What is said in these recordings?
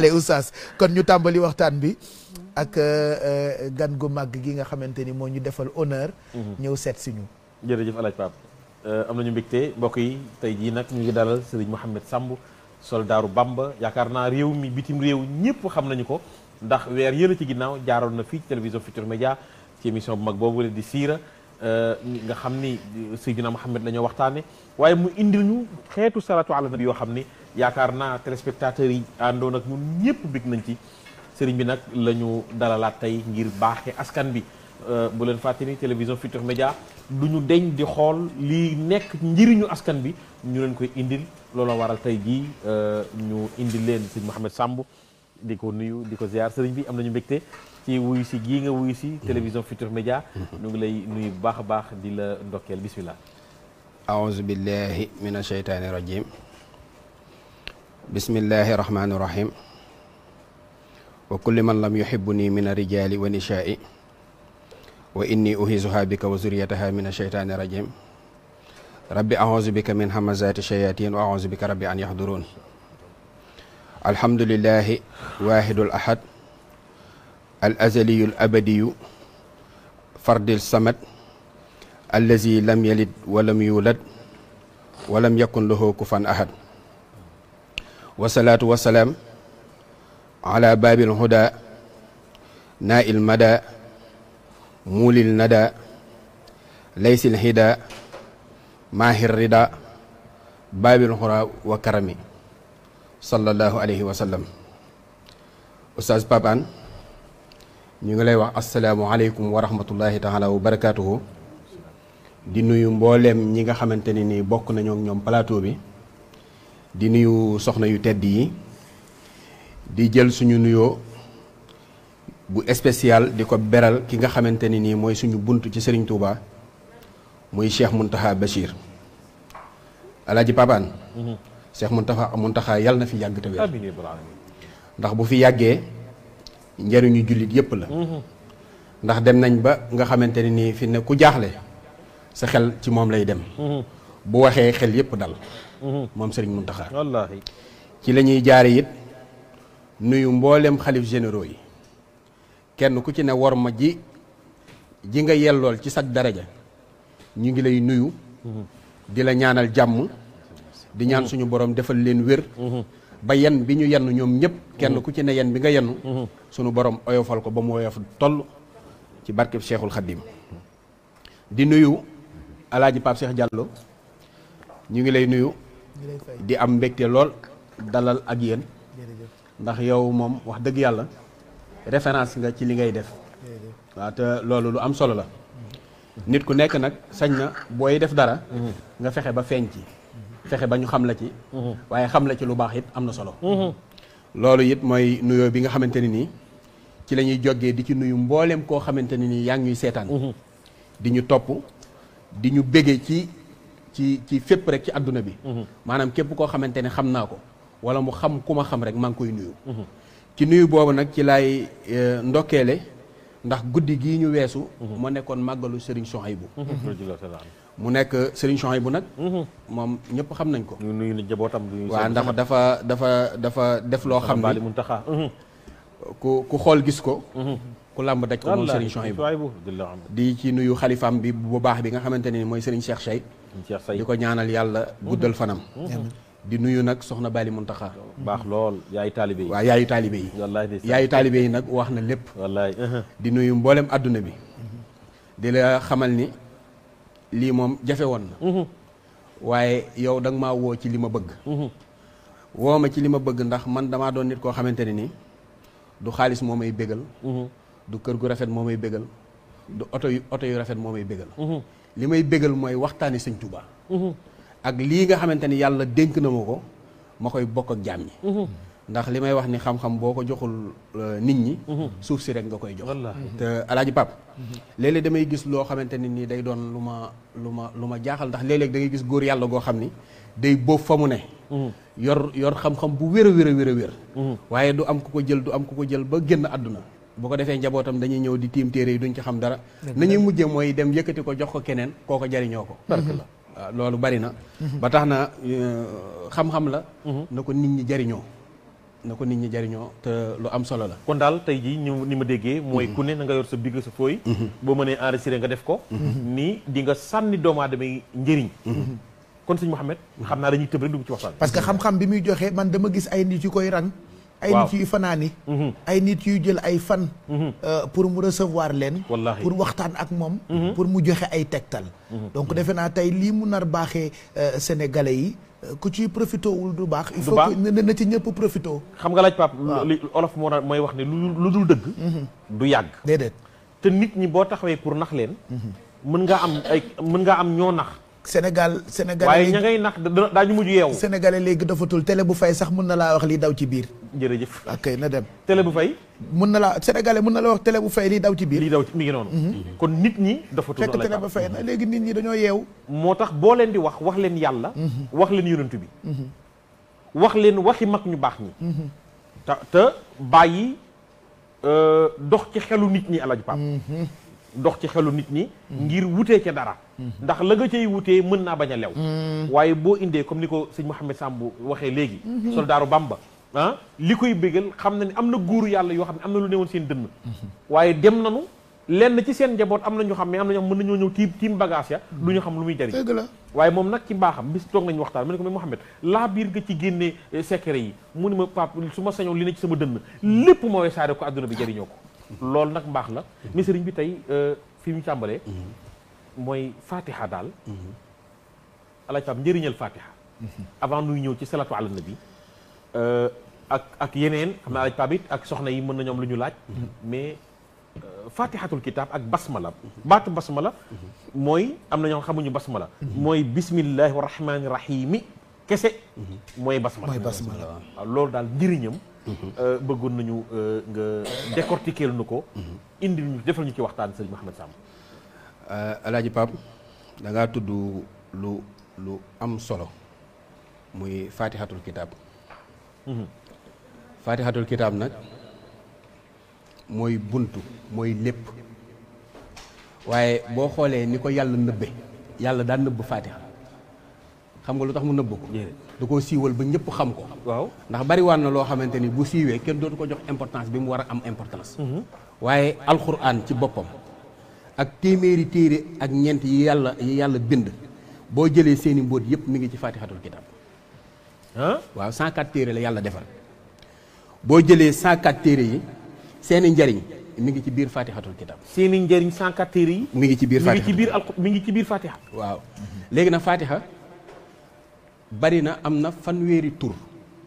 allez oustaz kon ñu tàmbali waxtaan bi ak euh, euh, gan gu màgg gi nga xamante ni moo ñu defal honneur mhm. ñëw seet si ñu jërëjëf alaaj Pape euh, am nañu mbégte mbokk yi tey jii nag ñu ngi dalal Serigne Mouhamed Samb soldaaru Bamba yaakaar naa réew mi bitim réew ñëpp xam nañu ko ndax weer yële ci ginnaaw jaaroon na fii ci télévision Futur Média ci émission bu mag boobu la di siira nga xam ni Seydina Mouhamed la ñoo waxtaane waaye mu indil ñu xeetu salatu ala nabi yoo xam ni yaakaar naa téléspectateurs yi àndoon ak ñun ñëpp bég nañ ci sëriñ bi nag lañu ñu dalalaat tey ngir baaxe askan bi euh, bu leen fàtte ni télévision Futurs Médias du ñu deñ di xool lii nekk njëriñu askan bi ñu leen koy indil looloo waral tey jii euh, ñu indil leen sëriñ Mouhamed Samb di ko nuyu di ko ziar sëriñ bi am nañu mbégte ci wuyu si gii nga wuyu si télévision Futurs média mm-hmm. ñu lay nuyu bu baax a baax di la ndokkeel bismillah aouzu billahi mina sheytaani rajim بسم الله الرحمن الرحيم وكل من لم يحبني من الرجال ونشائي وإني أهزها بك وزريتها من الشيطان الرجيم ربي أعوذ بك من همزات الشياطين وأعوذ بك ربي أن يحضرون الحمد لله واحد الأحد الأزلي الأبدي فرد الصمد الذي لم يلد ولم يولد ولم يكن له كفا أحد والصلاه والسلام على باب الهدى نائل المدى مولي الندى ليس الهدى ماهر الرضا باب الهرى وكرمي صلى الله عليه وسلم استاذ بابان نيغلي السلام عليكم ورحمه الله تعالى وبركاته di nuyu mbollem ñi nga xamanteni ni bokku nañu di nuyu soxna yu tedd yi di jël suñu nuyo bu spécial di ko beral ki nga xamanteni ni moy suñu buntu ci Serigne Touba moy Cheikh Muntaha bashir alaaji papan mhm. Cheikh Muntaha Muntaha yal na fi yag te wér ya ndax bu fi yàggee njariñu julit yépp la mhm. ndax dem nañ ba nga xamanteni ni fi ne ku jaxlé sa xel ci mom lay dem mhm. bu waxé xel yépp dal mom serigne muntaha wallahi ci lañuy jaar yit nuyu mbollem khalif généraux yi kenn ku ci ne war ma ji ji nga yellol ci sag daraja ñu ngi lay nuyu di la ñaanal jamm di ñaan suñu borom defal leen wër ba yenn bi ñu yenn ñom ñep kenn ku ci ne yenn bi nga yenn suñu borom oyofal ko ba mu oyof toll ci barke Cheikhul Khadim di nuyu alaaji pap Cheikh Diallo ñu ngi lay nuyu di am mbégte lool dalal ak yéen ndax yow moom wax dëgg yàlla référence nga ci li ngay def waaw te loolu lu am solo la nit ku nekk nag sañ na booy def dara mhm. nga fexe ba feeñ ci fexe ba ñu xam la ci mhm. waaye xam la ci lu baax it am na solo mhm. loolu it mooy nuyoo bi nga xamante ne nii ci la ñuy di ci nuyu mbooleem koo xamante ne nii yaa ngi seetaan di ñu topp di ñu bége ci ci ci fépp rek ci àdduna bi mhm. maanaam képp koo xamante ni xam naa ko wala mu xam ku ma xam rek maa ngi koy nuyu mhm. ci nuyu boobu nag ci laay e, ndokkeele ndax guddi gii ñu weesu mhm. moo nekkoon màggalu mu nekk Serigne Souhaïbou nag moom xam nañ ko ñu nuyu na njabootam waaw ndax dafa dafa dafa def loo xam ni ku ku xool gis ko ko moom Serigne Souhaïbou di ci nuyu bi bu baax bi nga xamante ne ni mooy Serigne Cheikh Seye di ko ñaanal yàlla guddal fanam di nuyu nag soxna Bali Muntaxa baax lool yaayu taalibe yi waaw yaayu taalibe yi nag wax na lépp wallaay uh-huh. di nuyu mboolem adduna bi di la xamal ni lii moom jafe woon uh-huh. waaye yow danga ma maa woo ci li ma bëgg uh-huh. woo ma ci li ma bëgg ndax man dama doon nit koo xamante ne nii du xaalis moo may bégal du kër gu rafet moo may bégal du oto yu oto yu rafet moo may bégal li may bégal mooy waxtaane sëñ Touba. ak lii nga xamante ni yàlla dénk na ma ko ma koy bokk ak jaam ñi. Mhm. ndax li may wax ni xam-xam boo ko joxul euh, nit ñi. Mhm. suuf si rek nga koy jox. te alaaji pap mhm. léeg damay gis loo xamante ne nii day doon lu ma lu ma lu ma jaaxal ndax léeg dangay gis góor yàlla goo xam ni day boof fa mu ne. yor yor xam-xam bu wér a wér wér. waaye du am ku ko jël du am ku ko jël ba génn àdduna. bu ko defee njabootam dañuy ñëw di tiim téere yi duñ ci xam dara nañuy mujje mooy dem yëkkati ko jox ko keneen koo ko jariñoo ko waaw loolu bari na mhm. ba tax na euh, xam-xam la mhm. na ko nit ñi jariñoo na ko nit ñi jariñoo te lu am solo la kon daal tey jii ñu ni ma déggee mooy mhm. ku ne na nga yor sa bigg sa fooy boo mënee enregistré nga def ko ni di nga sànni doomu aadama yi njëriñ kon sëñ Mouhamed xam naa dañuy tëb rek dugg ci waxtaan parce que xam-xam bi muy joxee man dama gis ay nit yu koy rang ay nit yuy fanaani mhm. ay nit yuy jël ay fan mhm. euh, pour mu recevoir leen pour waxtaan ak moom mhm. pour mu joxe ay tegtal donc defe naa tey lii mu nar baaxee euh, sénégalais yi euh, ku ci profité wul du baax il faut que na ci ñëpp profité xam nga laaj pap li olof moo mooy wax ne lu dul dëgg du yàgg déedéet te nit ñi boo taxawee pour nax leen mën nga am ay mën ngaa am ñoo nax Sénégal Sénégal waaye ña ngay nax daañu mujj yeewu Sénégalais léegi dafatul tele bu fay sax mën na laa wax li daw ci biir jërëjëf ak kay na dem tele bu fay mun na la sénégalais mun na la wax télé bu fay lii daw ci biir lii daw ci mi ngi noonu mhm. Mhm. kon nit ñi dafatu fekk télé ba fay na léegi nit ñi dañoo yeew moo tax boo leen di wax wax leen yàlla mhm. wax leen yonent bi wax leen waxi mag ñu baax ñi te te bàyyi euh, dox ci xelu nit ñi alaaj Pape dox ci xelu nit ñi ngir wutee ca dara ndax la nga cay wutee mën naa bañ a lew waaye boo indee comme ni ko sëñ Mouhamed bu waxee léegi soldaaru Bamba ah li koy bégal xam na ne am na góoru yàlla yoo xam ne am na lu newoon seen dënn waaye dem nanu lenn ci seen njaboot am na ñu xam ne am na ñoo mën nañoo ñëw tiim tiim bagage ya lu ñu xam lu muy la waaye moom nag ci mbaaxam bis toog nañu waxtaan mu ne ko laa biir nga ci génne eh, secret yi mu ne ma pap su ma sañoon li ne ci sama dënn lépp mooy wesaare ko àdduna bi jariñoo ko loolu nag mbaax la mais mm-hmm. sëriñ bi tey eh, fi mu tàmbalee mm-hmm. mooy fatiha daal mm-hmm. alaaj pap njëriñal fatiha avant nuy ñëw ci salatu ala nabi Euh, ak ak yeneen xam naa laaj pabit ak soxna yi mën na ñoom lu ñu laaj mais euh, fatihatul kitab ak basmala baatu basmala mooy am na ñoo xamuñu basmala mooy bismillahi rahmani rahimi kese mooy basmala waaw loolu daal njëriñam euh, bëggoon nañu nga décortiquer lu nu ko indi defal ñu ci waxtaan sëriñ Mouhamed Samb alaaji Pape da dangaa tudd lu lu am solo muy fatihatul kitab Mm-hmm. faatixatul kitaab nag mooy bunt mooy lépp waaye boo xoolee ni ko yàlla nëbbe yàlla daa nëbb faatixa xam nga lu tax mu nëbb ko da koo siiwal ba ñëpp xam ko waaw ndax bari waan na loo xamante ni bu siiwee kenn dootu ko jox importance bi mu war a am importance mm-hmm. waaye alxuraan ci boppam ak téeméeri téere ak ñeent yi yàlla yi yàlla bind boo jëlee seeni mbóot yëpp mi ngi ci faatixatul kitaab waaw 104 téere la yàlla defal boo jëlee 104 téere yi seeni njariñ mu ngi ci biir faatixatul kitab seeni njariñ 104 téere yi mu ngi ci biir faatixa ci biir al ngi ci biir faatixa waaw léegi nag faatixa bari na am na fanweeri tur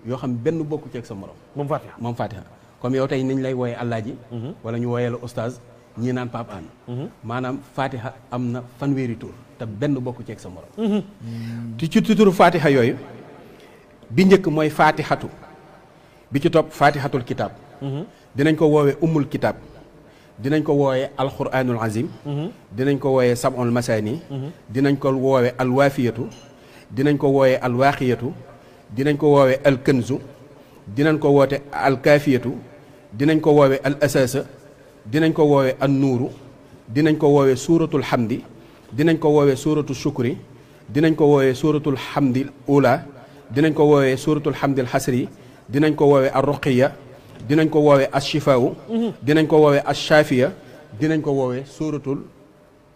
yoo xam benn bokku ci sa morom moom faatixa moom faatixa comme yow tey niñ lay wooyee allaaji mhm. wala ñu wooyee la oustaz ñii naan Pape mhm. maanaam faatixa am na fanweeri tur te benn bokku ci ak sa morom ci mhm. ci turu faatixa yooyu bi njëkk mooy faatixatu bi ci topp faatixatul kitab dinañ ko woowee ummul kitaab dinañ ko wooyee alquranul azim dinañ ko wooyee sab'ul masani dinañ ko woowe alwaafiyatu dinañ ko wooyee alwaaqiyatu dinañ ko woowee alkënzu dinañ ko woote alkaafiyatu dinañ ko woowee al asaasa dinañ ko woowee an nuuru dinañ ko woowee suuratul xamdi dinañ ko woowee suuratul shukri dinañ ko woowee suuratul xamdi ula dinañ ko woowee suuratul hamdil xasri dinañ ko woowee ar ruqiya dinañ ko woowee as shifaawu dinañ ko woowee as shaafiya dinañ ko woowee suuratul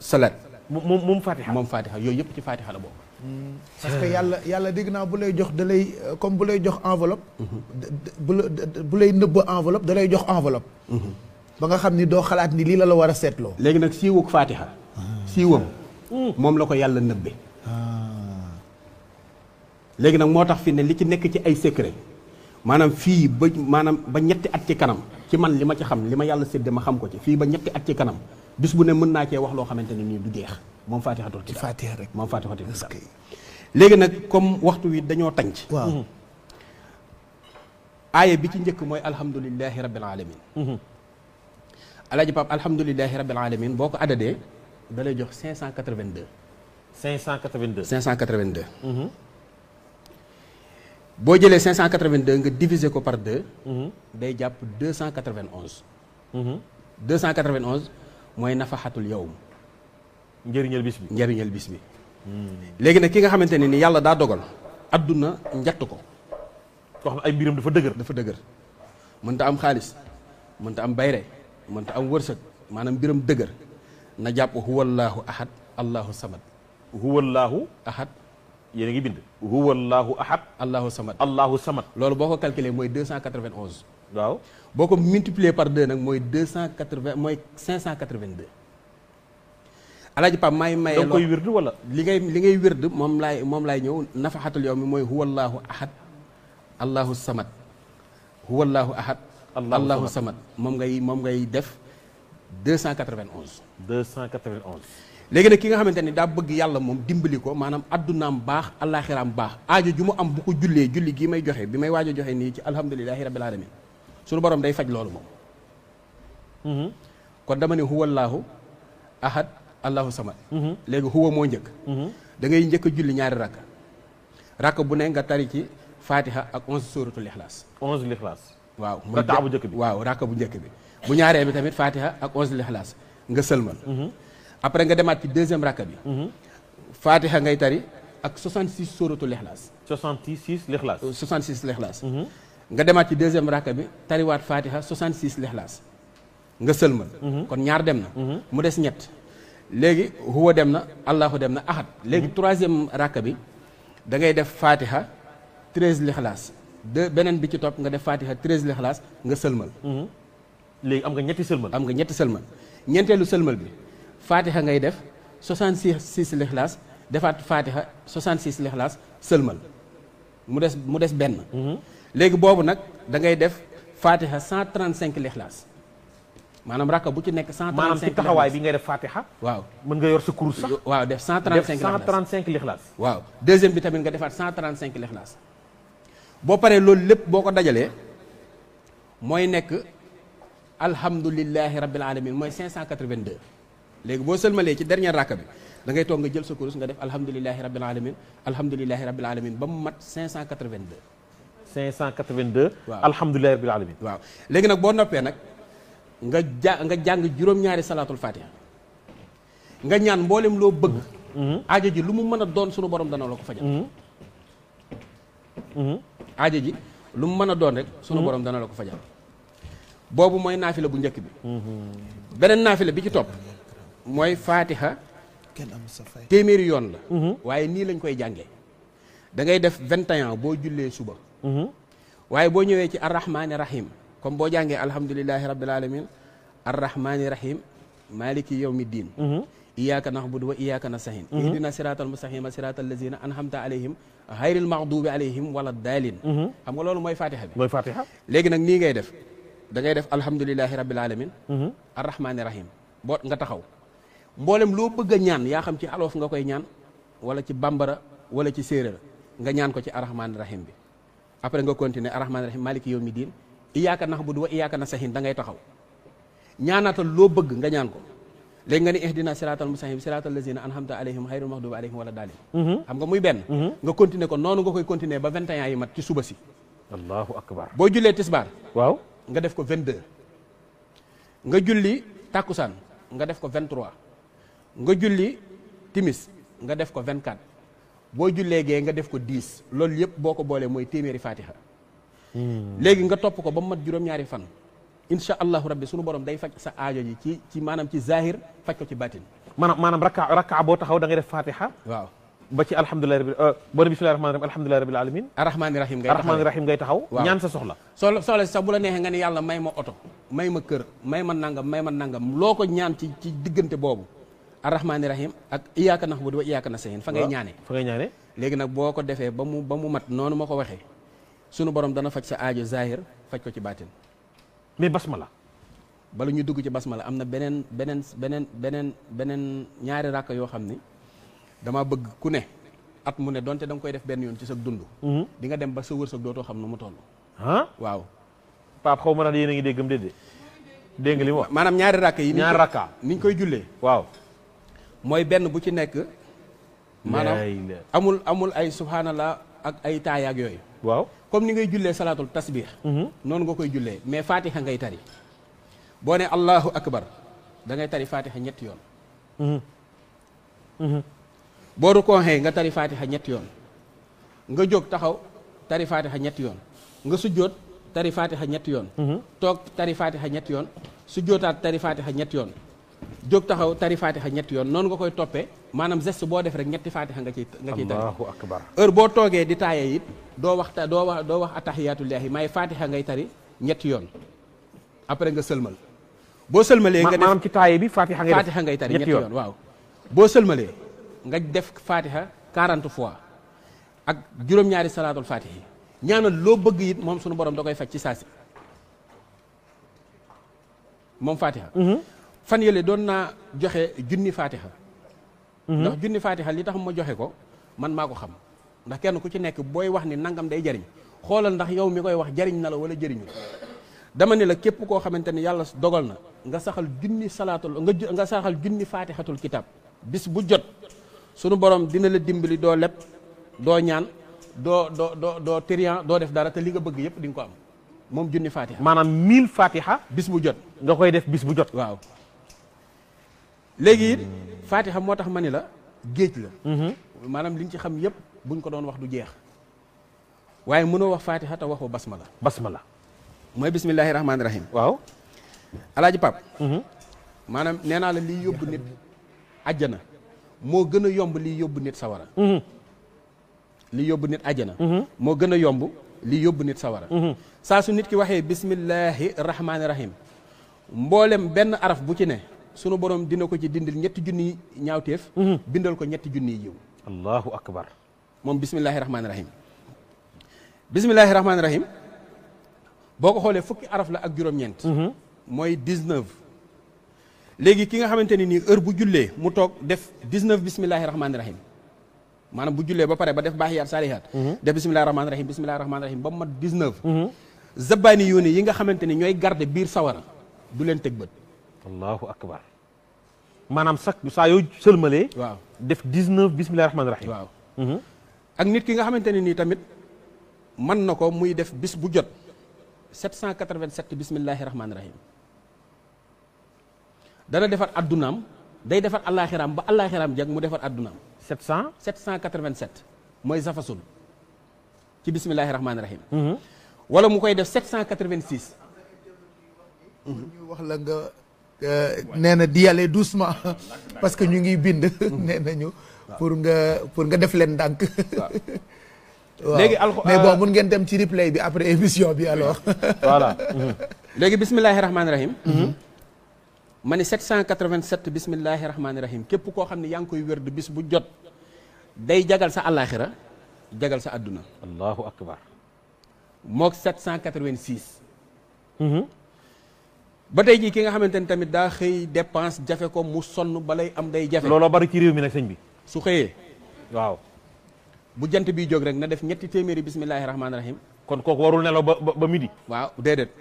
salaat moom moom fatiha moom fatiha yooyu yëpp ci fatiha la bokk parce que yàlla yàlla dégg naa bu lay jox da lay comme bu lay jox enveloppe bu bu lay nëbb enveloppe da lay jox enveloppe ba nga xam ni doo xalaat ni lii la la war a seetloo léegi nag siiwuk fatiha siiwam moom la ko yàlla nëbbe léegi nag moo tax fi ne li ci nekk ci ay secret maanaam fii ba maanaam ba ñetti at ci kanam ci man li ma ci xam li ma yàlla sédde ma xam ko ci fii ba ñetti at ci kanam bis bu ne mën naa cee wax loo xamante ne nii du jeex moom faatixatul ci faatixa rek moom faatixatul ci léegi nag comme waxtu wi dañoo tànc waaw aaya bi ci njëkk mooy alhamdulilahi rabbil alamin alaaji pap alhamdulilahi rabbil alamin boo ko adadee da lay jox 582 582 582 boo jëlee 582 nga diviser ko par 2. Mhm. day jàpp 291. 291 mhm. mooy nafaxatul yow njëriñal bis bi njëriñal bis bi. Hmm. léegi nag ki nga xamante ne ni yàlla daa dogal. àdduna njatt ko. koo xam ay biram dafa dëgër. dafa dëgër mënta am xaalis mënta am bayre mënta am wërsëg maanaam mbiram dëgër na jàpp huwallaahu ahad allahu samad. huwallaahu ahad. yéen a ngi bind huwa allahu ahad allahu samad allahu samad loolu boo ko calculer mooy 291 waaw boo ko multiplier par 2 nag mooy 280 mooy 582 alaaji Pape may maye loo koy wird wala li ngay li ngay wird moom laay moom laay ñëw nafaxatul yow mi mooy huwa allahu ahad allahu samad huwa allahu ahad allahu samad moom ngay moom ngay def 291 291 léegi nag ki nga xamante ni daa bëgg yàlla moom dimbali ko maanaam addunaam baax allaaxiraam baax aajo ju mu am bu ko jullee julli gii may joxe bi may waaj a joxe nii ci alhamdulilahi rabbil alamin suñu borom day faj loolu moom mhm. kon dama ne huwallaahu ahad allahu samad mhm. léegi huwa moo njëkk mhm. da ngay njëkk julli ñaari rakk rakk bu ne nga tari ci fatiha ak onze suratul ixlaas onze lixlaas waaw mu bu njëkk bu njëkk bi bu ñaaree bi tamit fatiha ak onze après nga demaat ci deuxième rakka bi. Mhm. Fatiha ngay tari ak 66 sóoratul Ixlaas. 66 Ixlaas. 66 Ixlaas. nga demaat ci deuxième rakka bi tariwaat Fatiha 66 Ixlaas nga sëlmal. Mhm. kon ñaar dem na. Mhm. mu des ñett léegi huwa dem na allahu dem na ahad. léegi troisième rakka bi da ngay def Fatiha 13 Ixlaas de beneen bi ci topp nga def Fatiha 13 Ixlaas nga sëlmal. léegi am nga ñetti sëlmal. am nga ñetti sëlmal ñeenteelu sëlmal bi. faatixa ngay def 66 lixlaas defaat faatixa 66 lixlaas sëlmal mu des mu des benn mhm. léegi boobu nag da ngay def faatixa 135 lixlaas maanaam rakka bu ci nekk 135 maanaam ci taxawaay bi ngay def Fatiha. waaw mën nga yor sa kurus sax. waaw def 135 lixlaas def 135 lixlaas. waaw deuxième bi tamit nga defaat 135 lixlaas. boo paree loolu lépp boo ko dajalee mooy nekk alhamdulillahi rabbil alamin mooy 582. léegi boo sëlmalee ci dernier rakka bi dangay toog nga jël sa kurus nga def alhamdulilahi rabil alamin alhamdulilahi rabil alamin ba mu mat 582. 582. waaw alhamdulilahi rabil alamin waaw léegi nag boo noppee nag nga nga jàng juróom-ñaari salaatul fatiha nga ñaan mboolem loo bëgg. Mm-hmm. aajo ji lu mu mën a doon sunu borom dana ko fajal. Mm-hmm. Mm-hmm. aajo ji lu mën a doon rek. sunu borom dana la ko fajal. boobu mooy naafila bu njëkk bi. beneen naafila bi ci topp. mooy faatiha temir yon la waye ni lañ koy jànge da ngay def 21 ans bo boo jullee suba waye bo ñëwé ci arrahmaani rahim comme bo jangé alhamdulilahi rabbil alamin arrahmaani rahim maliki yawmiddin diin iyyaka na'budu wa iyyaka nasta'in ihdina siratal mustaqim siratal ladzina an'amta alayhim ghayril maghdubi alayhim wala daalin xam nga loolu mooy fatiha bi mooy fatiha léegi nag nii ngay def da ngay def alhamdulilahi rabbil alamin arrahmaani rahim bo nga taxaw mboolem lo bëgg ñaan ya xam ci alof nga koy ñaan wala ci bambara wala ci séeréer nga ñaan ko ci arrahman rahim bi après nga continuer arrahman rahim Malik Yomidin, iyyaka iyaaka nahbudu wa iyyaka nasta'in da ngay taxaw ñaanata lo bëgg nga ñaan ko leg nga ni ihdina siratal mustaqim siratal lazina anhamta alayhim ghayril maghdubi alayhim wala dalil mhm. xam nga muy ben mhm. nga continuer ko nonu nga koy continuer ba 21 yi mat ci suba si allahu akbar bo jullee tisbar waw nga def ko 22 nga julli takusan, nga def ko 23 nga julli timis nga def ko 24 boo jullee gee nga def ko diis loolu yëpp boo ko boolee mooy téeméeri faatiha hmm. léegi nga topp ko ba mu mat juróom-ñaari fan incha allahu rabbi sunu borom day faj sa aajo ji ci ci maanaam ci zahir faj ko ci batin maanaam maanaam rakka rakka boo taxaw da ngay def faatiha waaw ba ci alhamdulilah rabbi euh, boo ne bismillahi rahmani rahim alhamdulilahi rabbil alamin arrahmani rahim ngay arrahmani rahim ngay taxaw ñaan sa soxla soxla soxla si sax bu la neexee nga ne yàlla may ma oto ma kër may ma nangam may ma nangam loo ko ñaan ci ci diggante boobu arrahmaani rahim ak iyyaka na'budu wa iyyaka nasta'in fa ngay ñaane fa ngay ñaane léegi nag boo ko defee ba mu ba mu mat noonu ma ko waxee sunu borom dana faj sa aajo zahir faj ko ci baatin mais la bala ñu dugg ci bas basmala am na beneen beneen beneen beneen beneen ñaari ràkk yoo xam ni damaa bëgg ku ne at mu ne donte da koy def benn yoon ci sa dund mhm. dinga dem ba sa wërsëg dootoo xam nu mu toll ah waaw Pape xaw ma naan yéen a ngi déggam déedéet dégg nga li wax maanaam ñaari ràkk yi ñaari ràkka koy mooy benn bu ci nekk. maanaam amul amul ay subhanallah ak ay taayaak yooyu. waaw comme ni ngay jullee salaatul tasbih mhm. noonu nga koy jullee mais fatiha ngay tari. boo ne Allahu akbar da ngay tari fatiha ñetti yoon. Mhm. Mhm. boo rukkooxee nga tari fatiha ñetti yoon. nga jóg taxaw tari fatiha ñetti yoon. nga sujjóot tari fatiha ñetti yoon. toog tari fatiha ñetti yoon. sujjóotaat tari fatiha ñetti yoon. jóg taxaw tari faatixa ñetti yoon noonu nga koy toppee maanaam geste boo def rek ñetti faatixa nga ciy nga ciy tari allahu heure boo toogee di taayee it doo wax ta doo wax doo wax atahiyatullahi may faatixa ngay tari ñetti yoon après nga sëlmal boo sëlmalee nga def maanaam ci taayee bi faatixa ngay faatixa ngay tari ñetti yoon waaw boo sëlmalee nga def faatixa 40 fois ak juróom-ñaari salaatul faatix yi loo bëgg it moom sunu borom da koy faj ci saasi moom faatixa mhm. fan yële don na joxe jinni fatiha ndax jinni fatiha li tax ma joxe ko man mako xam ndax kenn ku ci nek boy wax ni nangam day jariñ xolal ndax yow mi koy wax jariñ na la wala jariñu dama ne la kep ko xamanteni yàlla dogal na nga saxal jinni salaatul nga nga saxal jinni fatihatul kitab bis bu jot sunu borom dina la dimbali do lepp do ñaan do do do do trian do def dara te li nga bëgg yëpp di nga ko am mom jinni fatiha manam 1000 fatiha bis bu jot nga koy def bis bu jot waaw léegi it faatixa moo tax ma ni la géej la mhm. maanaam liñ ci xam yëpp buñ ko doon wax du jeex waaye mënoo wax faatixa te waxoo ma la mooy bismillahi rahmaani rahim waaw alaaji pap mhm. maanaam nee naa la liy yóbbu nit ajjana moo gën a yomb liy yóbbu nit sawara mhm. liy yóbbu nit ajjana moo gën a yomb liy yóbbu nit sawara saa su nit ki waxee bismillahi rahmaani rahim mboolem benn araf bu ci ne sunu borom dina ko ci dindil ñetti junni ñaawteef. Mhm. bindal ko ñetti junni yiw. allahu akbar. moom bismillahi rahmaani rahim. bismillahi rahmaani rahim boo ko xoolee fukki araf la ak juróom-ñeent. Mhm. mooy 19. léegi ki nga xamante ne nii heure bu jullee mu toog def 19 bismillahi rahmaani rahim maanaam bu jullee ba pare ba def baaxiyaat saalihaat. Mhm. def bismillahi rahmaani rahim bismillahi rahmaani rahim ba mu mat 19. zabbaani yoon yi nga xamante ni ñooy garde biir sawara du leen teg bët. allahu akbar maanaam sax saa yoo sëlmalee. waaw def 19 bismillahi rahmaani rahim. waaw mhm. ak nit ki nga xamante ne nii tamit man na ko muy def bis bu jot 787 bismillahi rahmaani rahim. dana defar addunaam day defar allaaxiraam ba allaaxiraam jag mu defar addunaam. 700 787 mooy safasul ci bismillahi rahmaani rahim. Mhm. wala mu koy def 786. ñu wax la nga. Eh, nee di aller doucement parce que ñu ngi bind nee nañu pour nga pour nga def bon euh, mun ngeen dem ci replay bi après émission bi alors voilà léegi bismillahir rahmanir rahim mhm. mhm. mané 787 bismillahir rahmanir rahim képp ko xam yang koy wér bis bu jot day jagal sa àllaaxira jagal sa aduna allahu akbar mok 786 batay ji ki nga xamante tamit da xey dépense jafé ko mu sonn balay am day jafé lolo bari ci réew mi nag bi su xeyé waw bu jant bi jog rek na def ñetti téeméeri bismillahi rahim kon koku warul nelaw ba ba midi waw dedet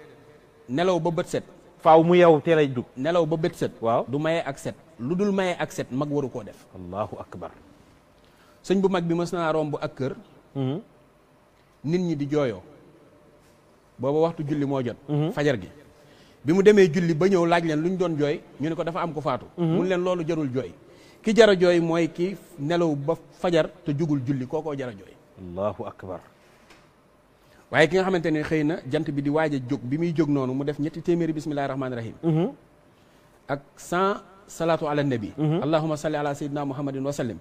nelaw ba beut set faaw mu yaw teel a jóg nelaw ba beut set waw du maye ak set lu maye ak set mag waru ko def allahu akbar señ bu mag bi mësna rombu ak kër mhm. nit ñi di joyo bobu waxtu julli mo jot mhm. fajar gi bi mu demee julli ba ñëw laaj leen lu ñu doon jooy ñu ne ko dafa am ko faatu mhm. mun leen loolu jarul jooy ki jara jooy mooy ki nelaw ba fajar te jugul julli koo kookoo jara jooy allahu akbar waaye ki nga xamante ne xëy na jant bi di waaj a jóg bi muy jóg noonu mu def ñetti téeméeri bismillahi rahmaani rahim mhm. ak cent salaatu ala nabi mhm. allahuma salli ala sayyidina muhammadin wa sallim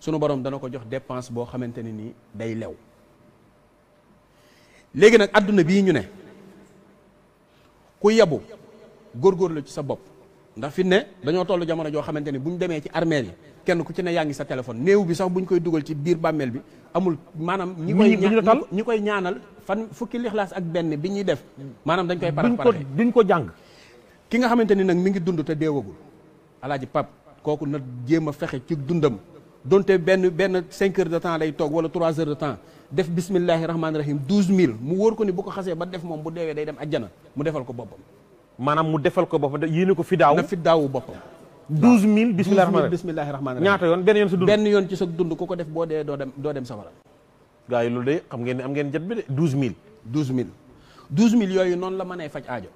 sunu borom dana ko jox dépense boo xamante ne nii day lew léegi nag adduna bii ñu ne ku yabu góorgóorlu ci sa bopp ndax fi ne dañoo toll jamono joo xamante ni bu ñu demee ci armeel yi kenn ku ci ne yaa ngi sa téléphone néew bi sax bu ñu koy dugal ci biir bàmmeel bi amul maanaam ñi koy ñi koy ñaanal fan fukki lixlaas ak benn bi ñuy def maanaam dañ koy parax parax duñ ko jàng ki nga xamante ni nag mi ngi dund te deewagul alaaji pab kooku nag jéem a fexe ci dundam donte benn benn cinq heures de temps lay toog wala trois heures de temps def bismillahirrahmanirrahim rahmaani rahim douze mu wor ko ni bu ko xasse ba def mom bu dewe day dem aljana mu defal ko bopam manam mu defal ko bopam yene ko fidaw na fidaawu boppam douze mille bismillahi rahmaani rahim ñaata yon ben yon sa dund ben yon ci sa dund ko ko def bo de do dem do dem safara gaay lu de xam ngeen am ngeen jet bi de 12000 12000 12000 mille non la mané fajj aajo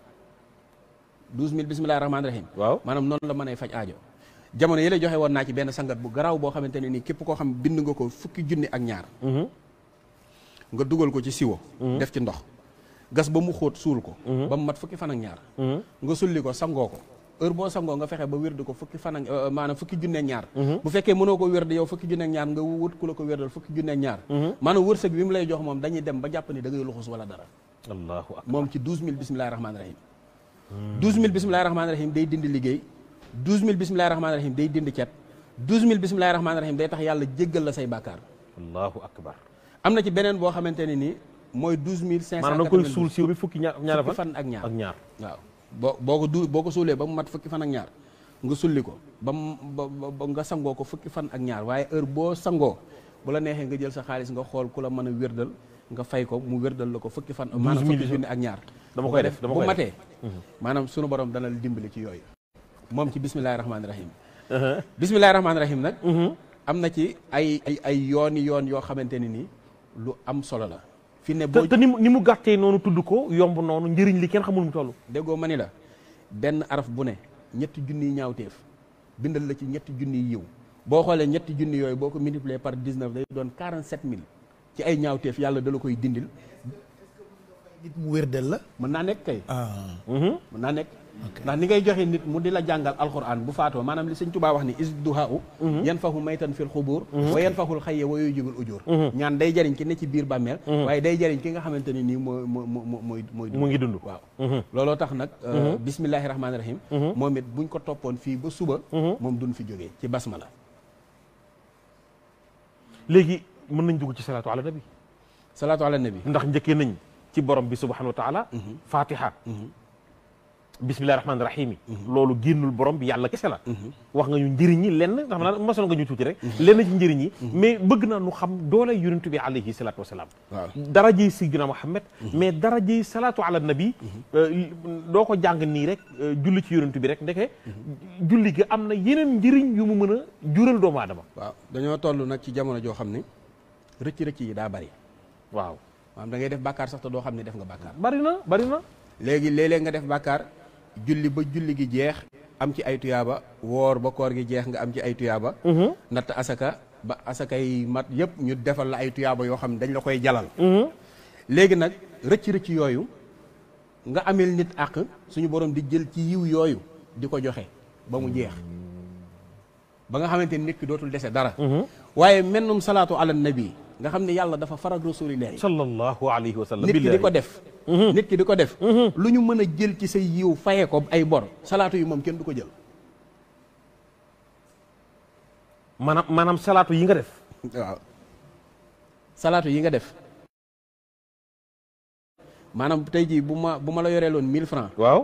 12000 mille bismillahi rahim waaw manam non la mané fajj aajo jamono yele joxe won na ci ben sangat bu graw bo xamanteni ni kep ko xam bind nga ko fukki jooni ak ñaar mhm. nga dugal ko ci siwo mm-hmm. def ci ndox gas ba mu xóot suul ko mm-hmm. ba mu mat fukki fan ak ñaar mm-hmm. nga sulli ko sangoo ko heure boo sangoo nga fexe ba wér di ko fukki fan ak euh, fukki junne ñaar bu fekkee mënoo ko wér di yow fukki junne ñaar nga wut ku la ko wérdal fukki bi mu lay jox moom dañuy dem ba jàpp ni da ngay luxus wala dara allahu akbar moom ci douze mille rahim douze mille rahim day dindi liggéey douze mille rahim day tax yàlla jéggal la say bàkkaar am na ci beneen boo xamante ne nii mooy douze mille cinq cent maanaam da koy suul siiw bi fukki ñaar fan boo ko du boo ko suulee ba mu mat fukki fan ak ñaar nga sulli ko ba mu ba nga sangoo ko fukki fan ak ñaar waaye heure boo sangoo bu la neexee nga jël sa xaalis nga xool ku la mën a wérdal nga fay ko mu wérdal la ko fukki fan maanaam fukki junni ñaar dama koy def bu matee mhm. maanaam sunu borom dana la dimbali ci yooyu moom ci bismillahi rahmaani rahim uh-huh. bismillahi rahmaani rahim nag mhm. am na ci ay ay ay yooni yoon yoo xamante ni nii lu am solo la. fi ne boo te ni mu gàttee noonu tudd ko yomb noonu njëriñ li kenn xamul mu toll. déggoo ma ni la benn araf bu ne ñetti junniy ñaawteef bindal la ci ñetti junniy yiw boo xoolee ñetti junni yooyu boo ko multiplier par 19 day doon 47000 ci ay ñaawteef yàlla dala koy dindil. mu wér del la. mën naa nekk kay. Ah. mën naa nekk. ndax ni ngay joxe nit mu dila jangal alquran bu faato manam li seigne touba wax ni isduhaau mhm. yanfahu maytan fil khubur mhm. wa yanfahu fahul xayya wa yujibul ujur mhm. ñaan day jariñ ki ne ci bir bàmmeel waye day jariñ ki nga xamanteni ni moy moy moy moo mooy ngi dund waaw lolo tax nak euh, bismillahi rahmaani rahim buñ ko topone fi ba suba mom duñ fi joge ci basmala legi mën nañ dugg ci salatu ala nabi salatu ala nabi ndax njëkkee nañ ci borom bi subhanahu wa taala fatiha bisimilah rahmaani rahiim yi mhm. loolu génnul borom bi yàlla kese la mhm. wax nga ñu njëriñ yi lenn xam naa mosoon mhm. nga ñu tuuti rek lenn ci njëriñ yi mais bëgg naa nu xam doole yonent bi alayhi salaatu wasalaam darajey sayyidina Muhammad mais darajey salaatu ala nabi euh, doo ko jàng nii rek euh, julli ci yonent bi rek ndeke julli gi am na yeneen njëriñ yu mu mën a jural doomu aadama waaw dañoo toll nag ci jamono joo xam ne rëcc-rëcc yi daa bari waaw maanaam da ngay def bàkkaar sax te doo xam ne def nga bàkkaar bari na bari na léegi léeg nga def bàkkaar julli ba julli gi jeex am ci ay tuyaaba woor ba koor gi jeex nga am ci ay tuyaaba mhm. natt asaka ba asaka yi mat yëpp ñu defal la ay tuyaaba yoo xam ne dañ la koy jalal mhm. léegi nag rëcc rëcc yooyu nga amel nit àq suñu borom di jël ci yiw yooyu di ko joxe ba mu jeex ba nga xamante nit ki dootul dese dara mhm. waaye mennum salaatu ala nabi nga xam ne yàlla dafa farag rasulillahi sallallahu alayhi wa nit ki di ko def nit ki di ko def mm-hmm. lu ñu mën a jël ci sa yiw faye ko ay bor salaatu yi moom kenn du ko jël maanaam maanaam salaatu yi nga def yi nga def maanaam tey jii bu ma bu ma la yoree loon mille francs waaw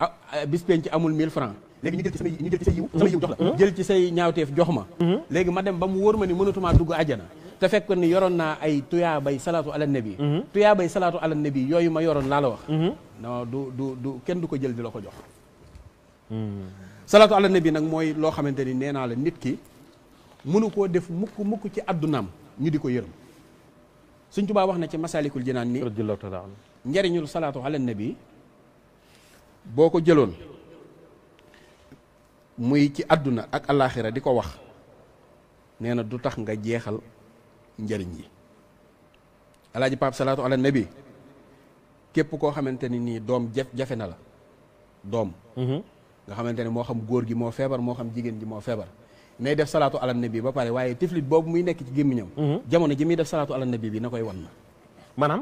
ah, ah bis amul mille francs léegi ñu jël ci sama ñu jël ci say yiw mm-hmm. sama yiw jox la jël ci say ñaawteef jox ma mm-hmm. léegi ma dem ba mu wóor ma ni mënatumaa dugg àjjana te fekkoon ni yoroon naa ay tuyaabay salaatu ala nabi mhm. tuyaabay salaatu ala nabi yooyu ma yoroon laa la wax mhm. non du du kenn du ko jël di la ko jox mhm. salaatu ala nabi nag mooy loo xamante ni nee naa la nit ki mënu koo def mukk mukk ci addunaam ñu di ko yërëm Sëñ Tuubaa wax na ci masaalikul jinaan ni njariñul salaatu ala nabi boo ko jëloon muy ci àdduna ak alaaxira di ko wax nee na du tax nga jeexal njariñ yi alaaji pap salatu ala nabi kep ko xamanteni ni dom jef jafé na la hmm nga xamanteni mo xam goor gi mo febar mo xam jigen gi mo febar nay def salatu ala nabi ba pare waye tiflit bobu muy nek ci gémmiñam mhm. jamono ji mi def salatu ala nabi bi nakoy wan na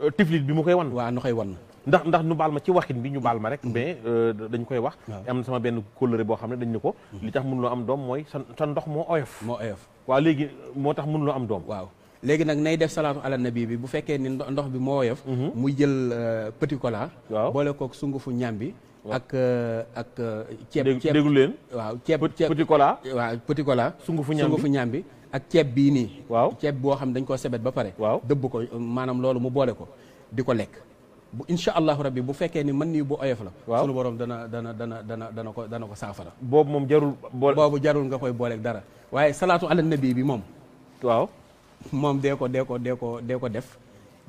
euh, tiflit bi mu koy wan wa na koy wan ndax ndax nu ma ci waxin bi ñu ma rek mhm. mais euh, dañ koy wax am sama ben kóllëre bo xamne dañ ñuko ko mhm. li tax mënuloo am dom moy sa ndox mo oyof mo oyof waaw léegi moo tax mënuloo am doom waaw léegi nag nay def salaatu ala bii bi bu fekkee ni ndox bi moo woyof mhm. muy jël euh, petit cola boole kook sungufu ñam bi ak euh, ak euh, ceeb ceeb déglu leen waaw ceeb petit cola waaw petit cola sungufu ñam bi sungufu ñam bi ak ceeb bii nii waaw ceeb boo xam dañ koo sebet ba pare waaw dëbb ko maanaam loolu mu boole ko di ko lekk bu incha allahu bi bu fekkee ni man nii bu oyof la. waaw sunu borom dana dana dana dana dana ko dana saafara. boobu moom jarul boole boobu jarul nga koy booleeg dara waaye salaatu ala nabi bi moom. waaw moom dee ko dee ko dee ko dee ko def.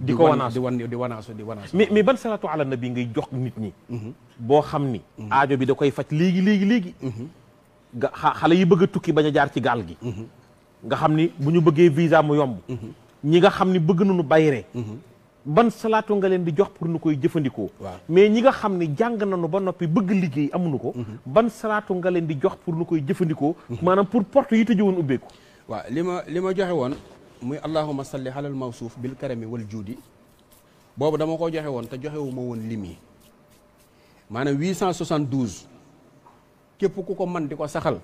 di ko wanaasu di wan di wanaasu di wanaasu. mais mais ban salaatu ala nabi ngay jox nit ñi. Mhm. boo xam ni. Mhm. aajo bi da koy faj léegi léegi léegi. Mhm. nga xale yi bëgg a tukki bañ jaar ci gaal gi. nga xam ni bu ñu bëggee visa mu yomb. ñi nga xam ni bëgg nañu bayre ban salaatu nga leen di jox pour nu koy jëfandikoo mais ñi nga xam ne jàng na nañu ba noppi bëgg liggéey amuñu ko mhm. ban salaatu nga leen di jox pour nu koy jëfandikoo maanaam pour porte yi woon ubbeeku waa li ma li ma joxe woon muy allahuma salli alal mawsuuf bil karami wal juudi boobu dama koo joxe woon te joxewuma woon lim yi maanaam 872 képp ku ko man di ko saxal